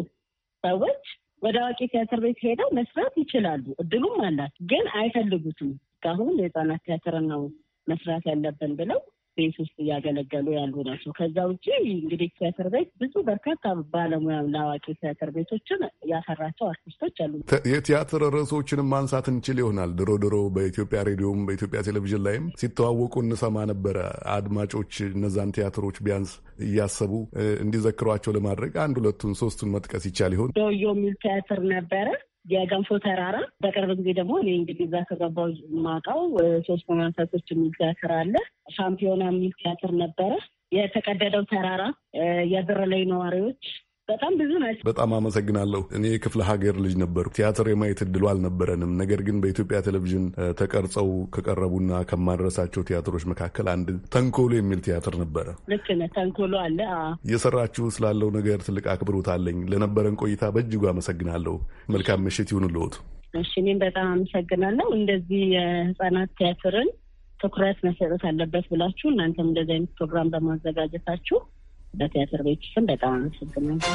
Speaker 7: ሰዎች ወደ አዋቂ ቲያትር ቤት ሄደው መስራት ይችላሉ። እድሉም አላት፣ ግን አይፈልጉትም። እስካሁን የህፃናት ቲያትርን ነው መስራት ያለብን ብለው ስፔስ ውስጥ እያገለገሉ ያሉ ናቸው። ከዛ ውጭ እንግዲህ ቲያትር ቤት ብዙ በርካታ ባለሙያ ለአዋቂ ቲያትር ቤቶችን ያፈራቸው አርቲስቶች አሉ።
Speaker 5: የቲያትር ርዕሶችንም ማንሳት እንችል ይሆናል። ድሮ ድሮ በኢትዮጵያ ሬዲዮም በኢትዮጵያ ቴሌቪዥን ላይም ሲተዋወቁ እንሰማ ነበረ። አድማጮች እነዛን ቲያትሮች ቢያንስ እያሰቡ እንዲዘክሯቸው ለማድረግ አንድ ሁለቱን ሶስቱን መጥቀስ ይቻል ይሆን?
Speaker 7: ዶዮ የሚል ቲያትር ነበረ። የገንፎ ተራራ በቅርብ ጊዜ ደግሞ እኔ እንግዲህ እዛ ከገባው ማቃው ሶስት መናሳቶች የሚል ቲያትር አለ። ሻምፒዮና የሚል ቲያትር ነበረ። የተቀደደው ተራራ፣ የብር ላይ ነዋሪዎች በጣም ብዙ ናቸው።
Speaker 5: በጣም አመሰግናለሁ። እኔ የክፍለ ሀገር ልጅ ነበርኩ። ቲያትር የማየት እድሉ አልነበረንም። ነገር ግን በኢትዮጵያ ቴሌቪዥን ተቀርጸው ከቀረቡና ከማድረሳቸው ቲያትሮች መካከል አንድ ተንኮሎ የሚል ቲያትር ነበረ።
Speaker 7: ልክ ነህ። ተንኮሎ አለ።
Speaker 5: የሰራችሁ ስላለው ነገር ትልቅ አክብሮት አለኝ። ለነበረን ቆይታ በእጅጉ አመሰግናለሁ። መልካም ምሽት ይሁንልዎት።
Speaker 7: እሺ፣ እኔም በጣም አመሰግናለሁ። እንደዚህ የህጻናት ቲያትርን ትኩረት መሰጠት አለበት ብላችሁ እናንተም እንደዚህ አይነት ፕሮግራም በማዘጋጀታችሁ በቲያትር ቤት ስም በጣም አመሰግናለሁ።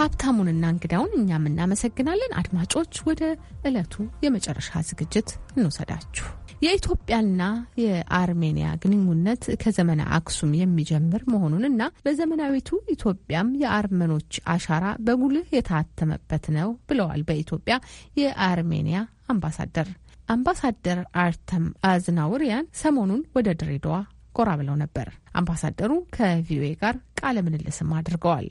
Speaker 1: ሀብታሙንና እንግዳውን እኛም እናመሰግናለን። አድማጮች ወደ ዕለቱ የመጨረሻ ዝግጅት እንውሰዳችሁ። የኢትዮጵያና የአርሜኒያ ግንኙነት ከዘመነ አክሱም የሚጀምር መሆኑንና በዘመናዊቱ ኢትዮጵያም የአርመኖች አሻራ በጉልህ የታተመበት ነው ብለዋል በኢትዮጵያ የአርሜኒያ አምባሳደር አምባሳደር አርተም አዝናውሪያን ሰሞኑን ወደ ድሬዳዋ ጎራ ብለው ነበር። አምባሳደሩ ከቪኦኤ ጋር ቃለ ምልልስም አድርገዋል።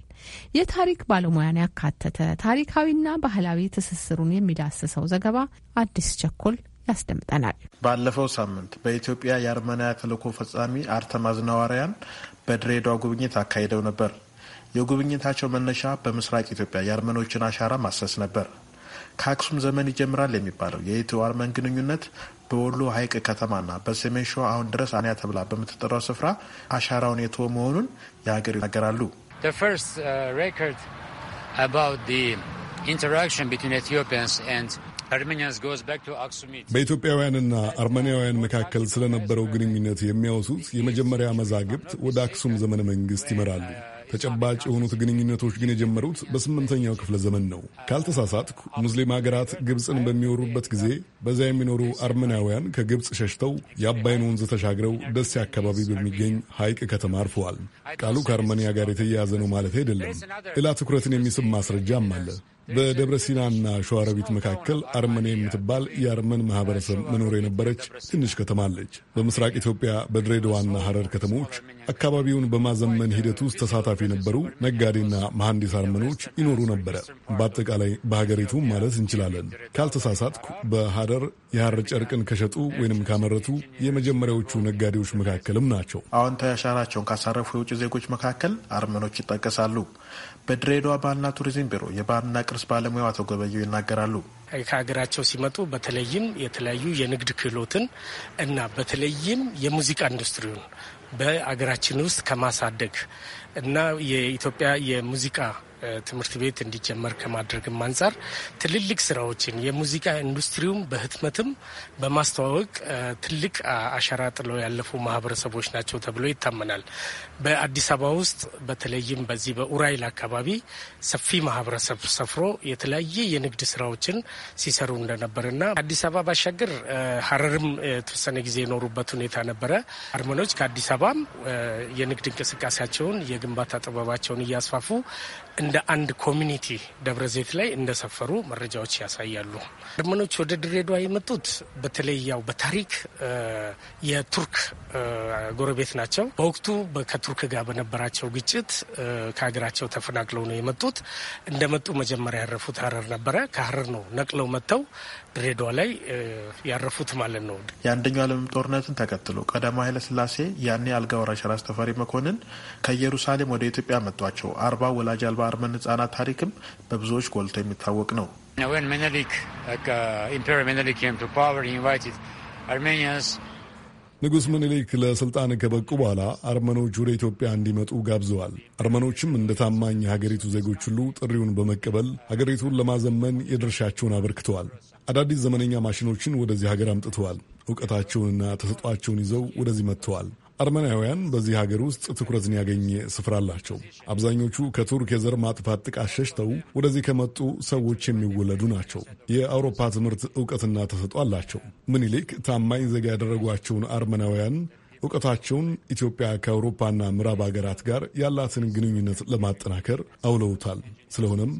Speaker 1: የታሪክ ባለሙያን ያካተተ ታሪካዊና ባህላዊ ትስስሩን የሚዳስሰው ዘገባ አዲስ ቸኮል ያስደምጠናል።
Speaker 8: ባለፈው ሳምንት በኢትዮጵያ የአርመንያ ተልዕኮ ፈጻሚ አርተም አዝናዋሪያን በድሬዳዋ ጉብኝት አካሂደው ነበር። የጉብኝታቸው መነሻ በምስራቅ ኢትዮጵያ የአርመኖችን አሻራ ማሰስ ነበር። ከአክሱም ዘመን ይጀምራል የሚባለው የኢትዮ አርመን ግንኙነት በወሎ ሀይቅ ከተማና በሰሜን ሸዋ አሁን ድረስ አንያ ተብላ በምትጠራው ስፍራ አሻራውን የቶ መሆኑን የሀገር ይናገራሉ።
Speaker 9: uh,
Speaker 5: በኢትዮጵያውያንና አርመንያውያን መካከል ስለነበረው ግንኙነት የሚያወሱት የመጀመሪያ መዛግብት ወደ አክሱም ዘመነ መንግስት ይመራሉ። ተጨባጭ የሆኑት ግንኙነቶች ግን የጀመሩት በስምንተኛው ክፍለ ዘመን ነው። ካልተሳሳትኩ ሙስሊም ሀገራት ግብፅን በሚወሩበት ጊዜ በዚያ የሚኖሩ አርመናውያን ከግብፅ ሸሽተው የአባይን ወንዝ ተሻግረው ደሴ አካባቢ በሚገኝ ሐይቅ ከተማ አርፈዋል። ቃሉ ከአርመኒያ ጋር የተያያዘ ነው ማለት አይደለም። ሌላ ትኩረትን የሚስብ ማስረጃም አለ። በደብረ ሲናና ሸዋረቢት መካከል አርመኒያ የምትባል የአርመን ማህበረሰብ መኖር የነበረች ትንሽ ከተማ አለች። በምስራቅ ኢትዮጵያ በድሬዳዋና ሐረር ከተሞች አካባቢውን በማዘመን ሂደት ውስጥ ተሳታፊ የነበሩ ነጋዴና መሐንዲስ አርመኖች ይኖሩ ነበረ። በአጠቃላይ በሀገሪቱ ማለት እንችላለን። ካልተሳሳትኩ በሀደር የሀር ጨርቅን ከሸጡ ወይንም ካመረቱ የመጀመሪያዎቹ ነጋዴዎች መካከልም ናቸው።
Speaker 8: አዎንታዊ አሻራቸውን ካሳረፉ የውጭ ዜጎች መካከል አርመኖች ይጠቀሳሉ። በድሬዳዋ ባህልና ቱሪዝም ቢሮ የባህልና ቅርስ ባለሙያው አቶ ገበየው ይናገራሉ።
Speaker 9: ከሀገራቸው ሲመጡ በተለይም የተለያዩ የንግድ ክህሎትን እና በተለይም የሙዚቃ ኢንዱስትሪውን በአገራችን ውስጥ ከማሳደግ እና የኢትዮጵያ የሙዚቃ ትምህርት ቤት እንዲጀመር ከማድረግም አንጻር ትልልቅ ስራዎችን የሙዚቃ ኢንዱስትሪውም በህትመትም በማስተዋወቅ ትልቅ አሻራ ጥለው ያለፉ ማህበረሰቦች ናቸው ተብሎ ይታመናል። በአዲስ አበባ ውስጥ በተለይም በዚህ በኡራይል አካባቢ ሰፊ ማህበረሰብ ሰፍሮ የተለያየ የንግድ ስራዎችን ሲሰሩ እንደነበርና አዲስ አበባ ባሻገር ሀረርም የተወሰነ ጊዜ የኖሩበት ሁኔታ ነበረ። አርመኖች ከአዲስ አበባም የንግድ እንቅስቃሴያቸውን የግንባታ ጥበባቸውን እያስፋፉ እንደ አንድ ኮሚኒቲ ደብረዘይት ላይ እንደሰፈሩ መረጃዎች ያሳያሉ። አርመኖች ወደ ድሬዳዋ የመጡት በተለይ ያው በታሪክ የቱርክ ጎረቤት ናቸው። በወቅቱ ከቱርክ ጋር በነበራቸው ግጭት ከሀገራቸው ተፈናቅለው ነው የመጡት። እንደመጡ መጀመሪያ ያረፉት ሀረር ነበረ። ከሀረር ነው ነቅለው መጥተው ድሬዳዋ ላይ ያረፉት ማለት ነው።
Speaker 8: የአንደኛው ዓለም ጦርነትን ተከትሎ ቀዳማዊ ኃይለሥላሴ ያኔ አልጋ ወራሽ ራስ ተፈሪ መኮንን ከኢየሩሳሌም ወደ ኢትዮጵያ መጧቸው አርባ ወላጅ አልባ አርመን ህጻናት ታሪክም በብዙዎች ጎልቶ የሚታወቅ ነው።
Speaker 2: When Menelik, uh,
Speaker 5: ንጉሥ ምኒልክ ለሥልጣን ከበቁ በኋላ አርመኖች ወደ ኢትዮጵያ እንዲመጡ ጋብዘዋል። አርመኖችም እንደ ታማኝ የሀገሪቱ ዜጎች ሁሉ ጥሪውን በመቀበል ሀገሪቱን ለማዘመን የድርሻቸውን አበርክተዋል። አዳዲስ ዘመነኛ ማሽኖችን ወደዚህ ሀገር አምጥተዋል። እውቀታቸውንና ተሰጧቸውን ይዘው ወደዚህ መጥተዋል። አርመናውያን በዚህ ሀገር ውስጥ ትኩረትን ያገኘ ስፍራ አላቸው። አብዛኞቹ ከቱርክ የዘር ማጥፋት ጥቃት ሸሽተው ወደዚህ ከመጡ ሰዎች የሚወለዱ ናቸው። የአውሮፓ ትምህርት እውቀትና ተሰጥኦ አላቸው። ምኒልክ ታማኝ ዜጋ ያደረጓቸውን አርመናውያን እውቀታቸውን ኢትዮጵያ ከአውሮፓና ምዕራብ ሀገራት ጋር ያላትን ግንኙነት ለማጠናከር አውለውታል። ስለሆነም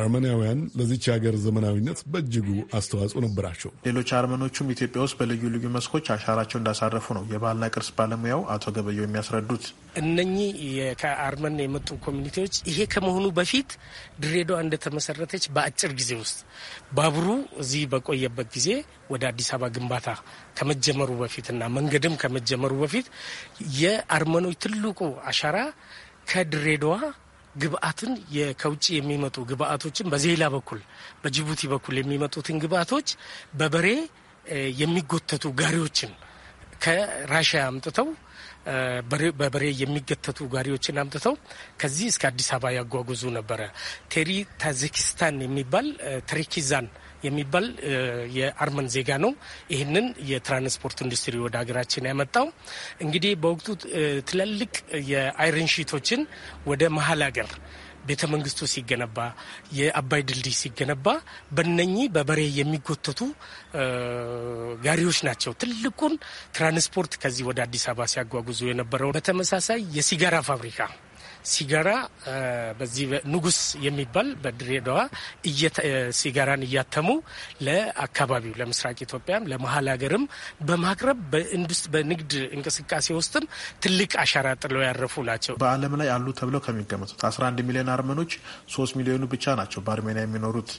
Speaker 5: አርመናውያን ለዚች ሀገር ዘመናዊነት በእጅጉ አስተዋጽኦ ነበራቸው።
Speaker 8: ሌሎች አርመኖቹም ኢትዮጵያ ውስጥ በልዩ ልዩ መስኮች አሻራቸው እንዳሳረፉ ነው የባህልና ቅርስ ባለሙያው አቶ ገበየው የሚያስረዱት።
Speaker 9: እነኚህ ከአርመን የመጡ ኮሚኒቲዎች ይሄ ከመሆኑ በፊት ድሬዳዋ እንደተመሰረተች በአጭር ጊዜ ውስጥ ባቡሩ እዚህ በቆየበት ጊዜ ወደ አዲስ አበባ ግንባታ ከመጀመሩ በፊትና መንገድም ከመጀመሩ በፊት የአርመኖች ትልቁ አሻራ ከድሬዳዋ ግብአትን ከውጭ የሚመጡ ግብአቶችን በዜላ በኩል በጅቡቲ በኩል የሚመጡትን ግብአቶች በበሬ የሚጎተቱ ጋሪዎችን ከራሽያ አምጥተው በበሬ የሚገተቱ ጋሪዎችን አምጥተው ከዚህ እስከ አዲስ አበባ ያጓጉዙ ነበረ። ቴሪ ታዚኪስታን የሚባል ትሪኪዛን የሚባል የአርመን ዜጋ ነው። ይህንን የትራንስፖርት ኢንዱስትሪ ወደ ሀገራችን ያመጣው እንግዲህ በወቅቱ ትላልቅ የአይረን ሺቶችን ወደ መሀል ሀገር ቤተ መንግስቱ ሲገነባ የአባይ ድልድይ ሲገነባ በነኚህ በበሬ የሚጎተቱ ጋሪዎች ናቸው ትልቁን ትራንስፖርት ከዚህ ወደ አዲስ አበባ ሲያጓጉዙ የነበረው። በተመሳሳይ የሲጋራ ፋብሪካ ሲጋራ በዚህ ንጉስ የሚባል በድሬዳዋ ሲጋራን እያተሙ ለአካባቢው ለምስራቅ ኢትዮጵያም ለመሀል ሀገርም በማቅረብ በንግድ እንቅስቃሴ ውስጥም ትልቅ አሻራ ጥለው ያረፉ ናቸው።
Speaker 8: በዓለም ላይ አሉ ተብለው ከሚገመቱት 11 ሚሊዮን አርመኖች 3 ሚሊዮኑ ብቻ ናቸው በአርሜኒያ የሚኖሩት።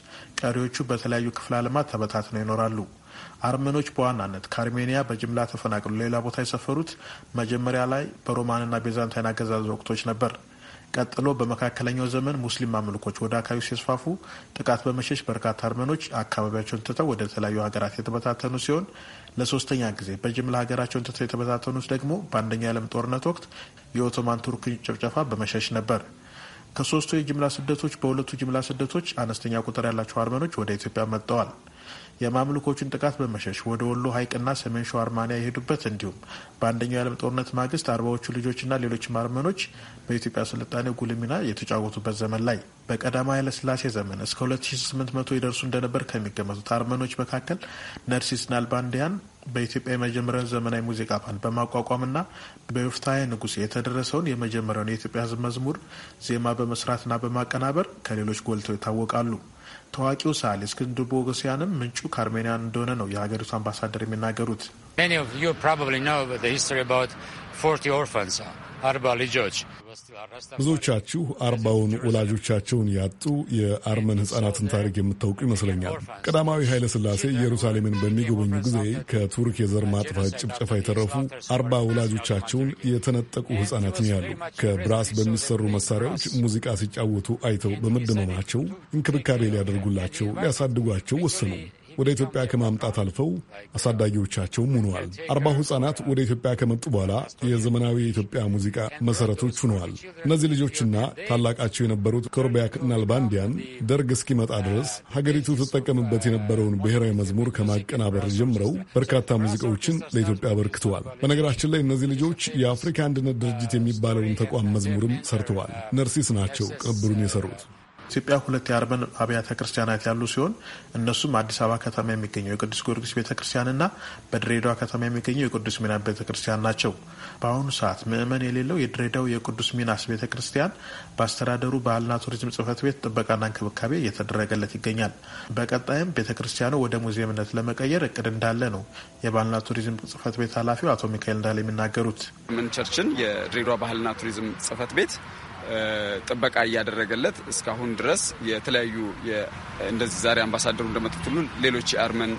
Speaker 8: ቀሪዎቹ በተለያዩ ክፍለ ዓለማት ተበታትነው ይኖራሉ። አርመኖች በዋናነት ከአርሜኒያ በጅምላ ተፈናቅሎ ሌላ ቦታ የሰፈሩት መጀመሪያ ላይ በሮማንና ቤዛንታይን አገዛዝ ወቅቶች ነበር። ቀጥሎ በመካከለኛው ዘመን ሙስሊም አምልኮች ወደ አካባቢ ሲስፋፉ ጥቃት በመሸሽ በርካታ አርመኖች አካባቢያቸውን ትተው ወደ ተለያዩ ሀገራት የተበታተኑ ሲሆን ለሶስተኛ ጊዜ በጅምላ ሀገራቸውን ትተው የተበታተኑት ደግሞ በአንደኛው የዓለም ጦርነት ወቅት የኦቶማን ቱርክ ጭፍጨፋ በመሸሽ ነበር። ከሶስቱ የጅምላ ስደቶች በሁለቱ ጅምላ ስደቶች አነስተኛ ቁጥር ያላቸው አርመኖች ወደ ኢትዮጵያ መጥተዋል። የማምልኮቹን ጥቃት በመሸሽ ወደ ወሎ ሀይቅና ሰሜን ሸዋ አርማንያ የሄዱበት እንዲሁም በአንደኛው የዓለም ጦርነት ማግስት አርባዎቹ ልጆችና ሌሎችም አርመኖች በኢትዮጵያ ስልጣኔ ጉልህ ሚና የተጫወቱበት ዘመን ላይ በቀዳማዊ ኃይለሥላሴ ዘመን እስከ 2800 ይደርሱ እንደነበር ከሚገመቱት አርመኖች መካከል ነርሲስ ናልባንዲያን በኢትዮጵያ የመጀመሪያውን ዘመናዊ ሙዚቃ ባንድ በማቋቋምና በዮፍታሔ ንጉሴ የተደረሰውን የመጀመሪያውን የኢትዮጵያ ሕዝብ መዝሙር ዜማ በመስራትና በማቀናበር ከሌሎች ጎልተው ይታወቃሉ። ታዋቂው ሰዓሊ እስክንድር ቦጎሲያንም ምንጩ ከአርሜኒያን እንደሆነ ነው የሀገሪቱ አምባሳደር የሚናገሩት።
Speaker 6: ብዙዎቻችሁ
Speaker 5: አርባውን ወላጆቻቸውን ያጡ የአርመን ሕፃናትን ታሪክ የምታውቁ ይመስለኛል። ቀዳማዊ ኃይለ ሥላሴ ኢየሩሳሌምን በሚጎበኙ ጊዜ ከቱርክ የዘር ማጥፋት ጭፍጨፋ የተረፉ አርባ ወላጆቻቸውን የተነጠቁ ሕፃናትን ያሉ ከብራስ በሚሰሩ መሳሪያዎች ሙዚቃ ሲጫወቱ አይተው በመደመማቸው እንክብካቤ ሊያደርጉላቸው፣ ሊያሳድጓቸው ወሰኑ። ወደ ኢትዮጵያ ከማምጣት አልፈው አሳዳጊዎቻቸውም ሆነዋል። አርባ ሕፃናት ወደ ኢትዮጵያ ከመጡ በኋላ የዘመናዊ የኢትዮጵያ ሙዚቃ መሰረቶች ሆነዋል። እነዚህ ልጆችና ታላቃቸው የነበሩት ኮርቢያክ ናልባንዲያን ደርግ እስኪመጣ ድረስ ሀገሪቱ ትጠቀምበት የነበረውን ብሔራዊ መዝሙር ከማቀናበር ጀምረው በርካታ ሙዚቃዎችን ለኢትዮጵያ አበርክተዋል። በነገራችን ላይ እነዚህ ልጆች የአፍሪካ አንድነት ድርጅት የሚባለውን ተቋም መዝሙርም
Speaker 8: ሰርተዋል። ነርሲስ ናቸው ቅንብሩን የሰሩት። ኢትዮጵያ ሁለት የአርመን አብያተ ክርስቲያናት ያሉ ሲሆን እነሱም አዲስ አበባ ከተማ የሚገኘው የቅዱስ ጊዮርጊስ ቤተ ክርስቲያንና በድሬዳዋ ከተማ የሚገኘው የቅዱስ ሚናስ ቤተ ክርስቲያን ናቸው። በአሁኑ ሰዓት ምእመን የሌለው የድሬዳው የቅዱስ ሚናስ ቤተ ክርስቲያን በአስተዳደሩ ባህልና ቱሪዝም ጽህፈት ቤት ጥበቃና እንክብካቤ እየተደረገለት ይገኛል። በቀጣይም ቤተ ክርስቲያኑ ወደ ሙዚየምነት ለመቀየር እቅድ እንዳለ ነው የባህልና ቱሪዝም ጽህፈት ቤት ኃላፊው አቶ ሚካኤል እንዳለ የሚናገሩት
Speaker 2: ምን ቸርችን የድሬዳዋ ባህልና ቱሪዝም ጽህፈት ቤት ጥበቃ እያደረገለት እስካሁን ድረስ የተለያዩ እንደዚህ ዛሬ አምባሳደሩ እንደመጡትሉን ሌሎች የአርመን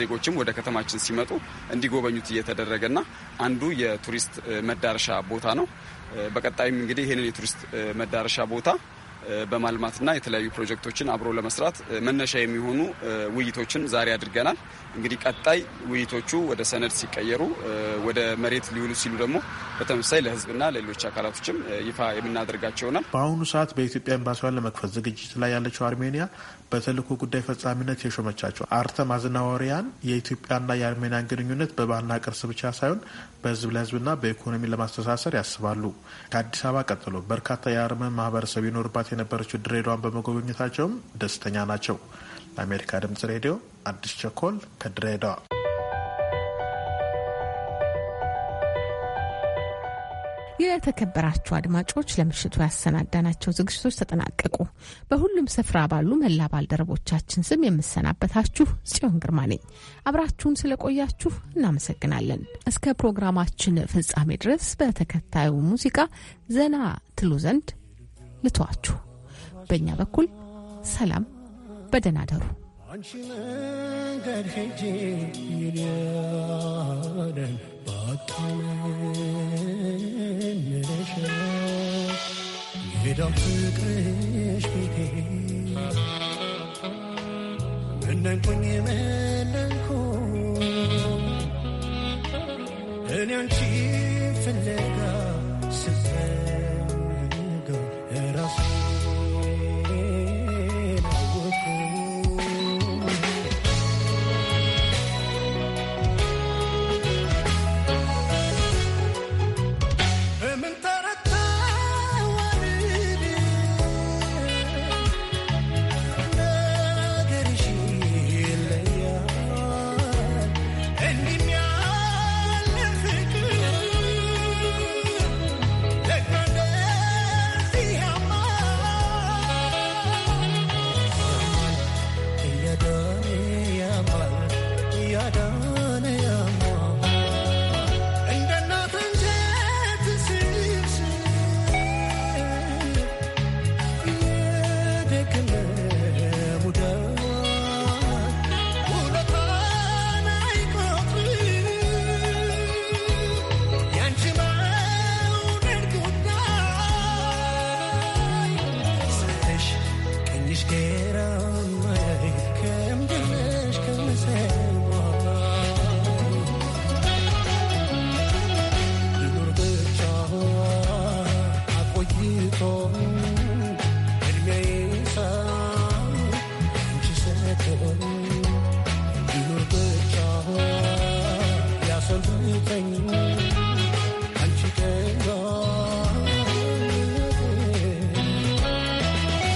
Speaker 2: ዜጎችም ወደ ከተማችን ሲመጡ እንዲጎበኙት እየተደረገና አንዱ የቱሪስት መዳረሻ ቦታ ነው። በቀጣይም እንግዲህ ይህንን የቱሪስት መዳረሻ ቦታ በማልማትና የተለያዩ ፕሮጀክቶችን አብሮ ለመስራት መነሻ የሚሆኑ ውይይቶችን ዛሬ አድርገናል። እንግዲህ ቀጣይ ውይይቶቹ ወደ ሰነድ ሲቀየሩ ወደ መሬት ሊውሉ ሲሉ ደግሞ በተመሳሳይ ለህዝብና ለሌሎች አካላቶችም ይፋ
Speaker 8: የምናደርጋቸው ይሆናል። በአሁኑ ሰዓት በኢትዮጵያ ኤምባሲዋን ለመክፈት ዝግጅት ላይ ያለችው አርሜኒያ በተልእኮ ጉዳይ ፈጻሚነት የሾመቻቸው አርተም አዝናወሪያን የኢትዮጵያና የአርሜኒያን ግንኙነት በባህልና ቅርስ ብቻ ሳይሆን በህዝብ ለህዝብና በኢኮኖሚ ለማስተሳሰር ያስባሉ። ከአዲስ አበባ ቀጥሎ በርካታ የአርመን ማህበረሰብ ይኖርባት የነበረችው ድሬዳዋን በመጎብኘታቸውም ደስተኛ ናቸው። ለአሜሪካ ድምጽ ሬዲዮ አዲስ ቸኮል ከድሬዳዋ
Speaker 1: የተከበራችሁ አድማጮች ለምሽቱ ያሰናዳናቸው ዝግጅቶች ተጠናቀቁ። በሁሉም ስፍራ ባሉ መላ ባልደረቦቻችን ስም የምሰናበታችሁ ጽዮን ግርማ ነኝ። አብራችሁን ስለቆያችሁ እናመሰግናለን። እስከ ፕሮግራማችን ፍጻሜ ድረስ በተከታዩ ሙዚቃ ዘና ትሉ ዘንድ ልተዋችሁ። በእኛ በኩል ሰላም፣ በደህና
Speaker 6: ደሩ። አንቺ መንገድ ሄጄ ሄዳው ፍቅርሽ ቤቴ መነንኩኝ መነንኩ እኔ አንቺ ፍለጋ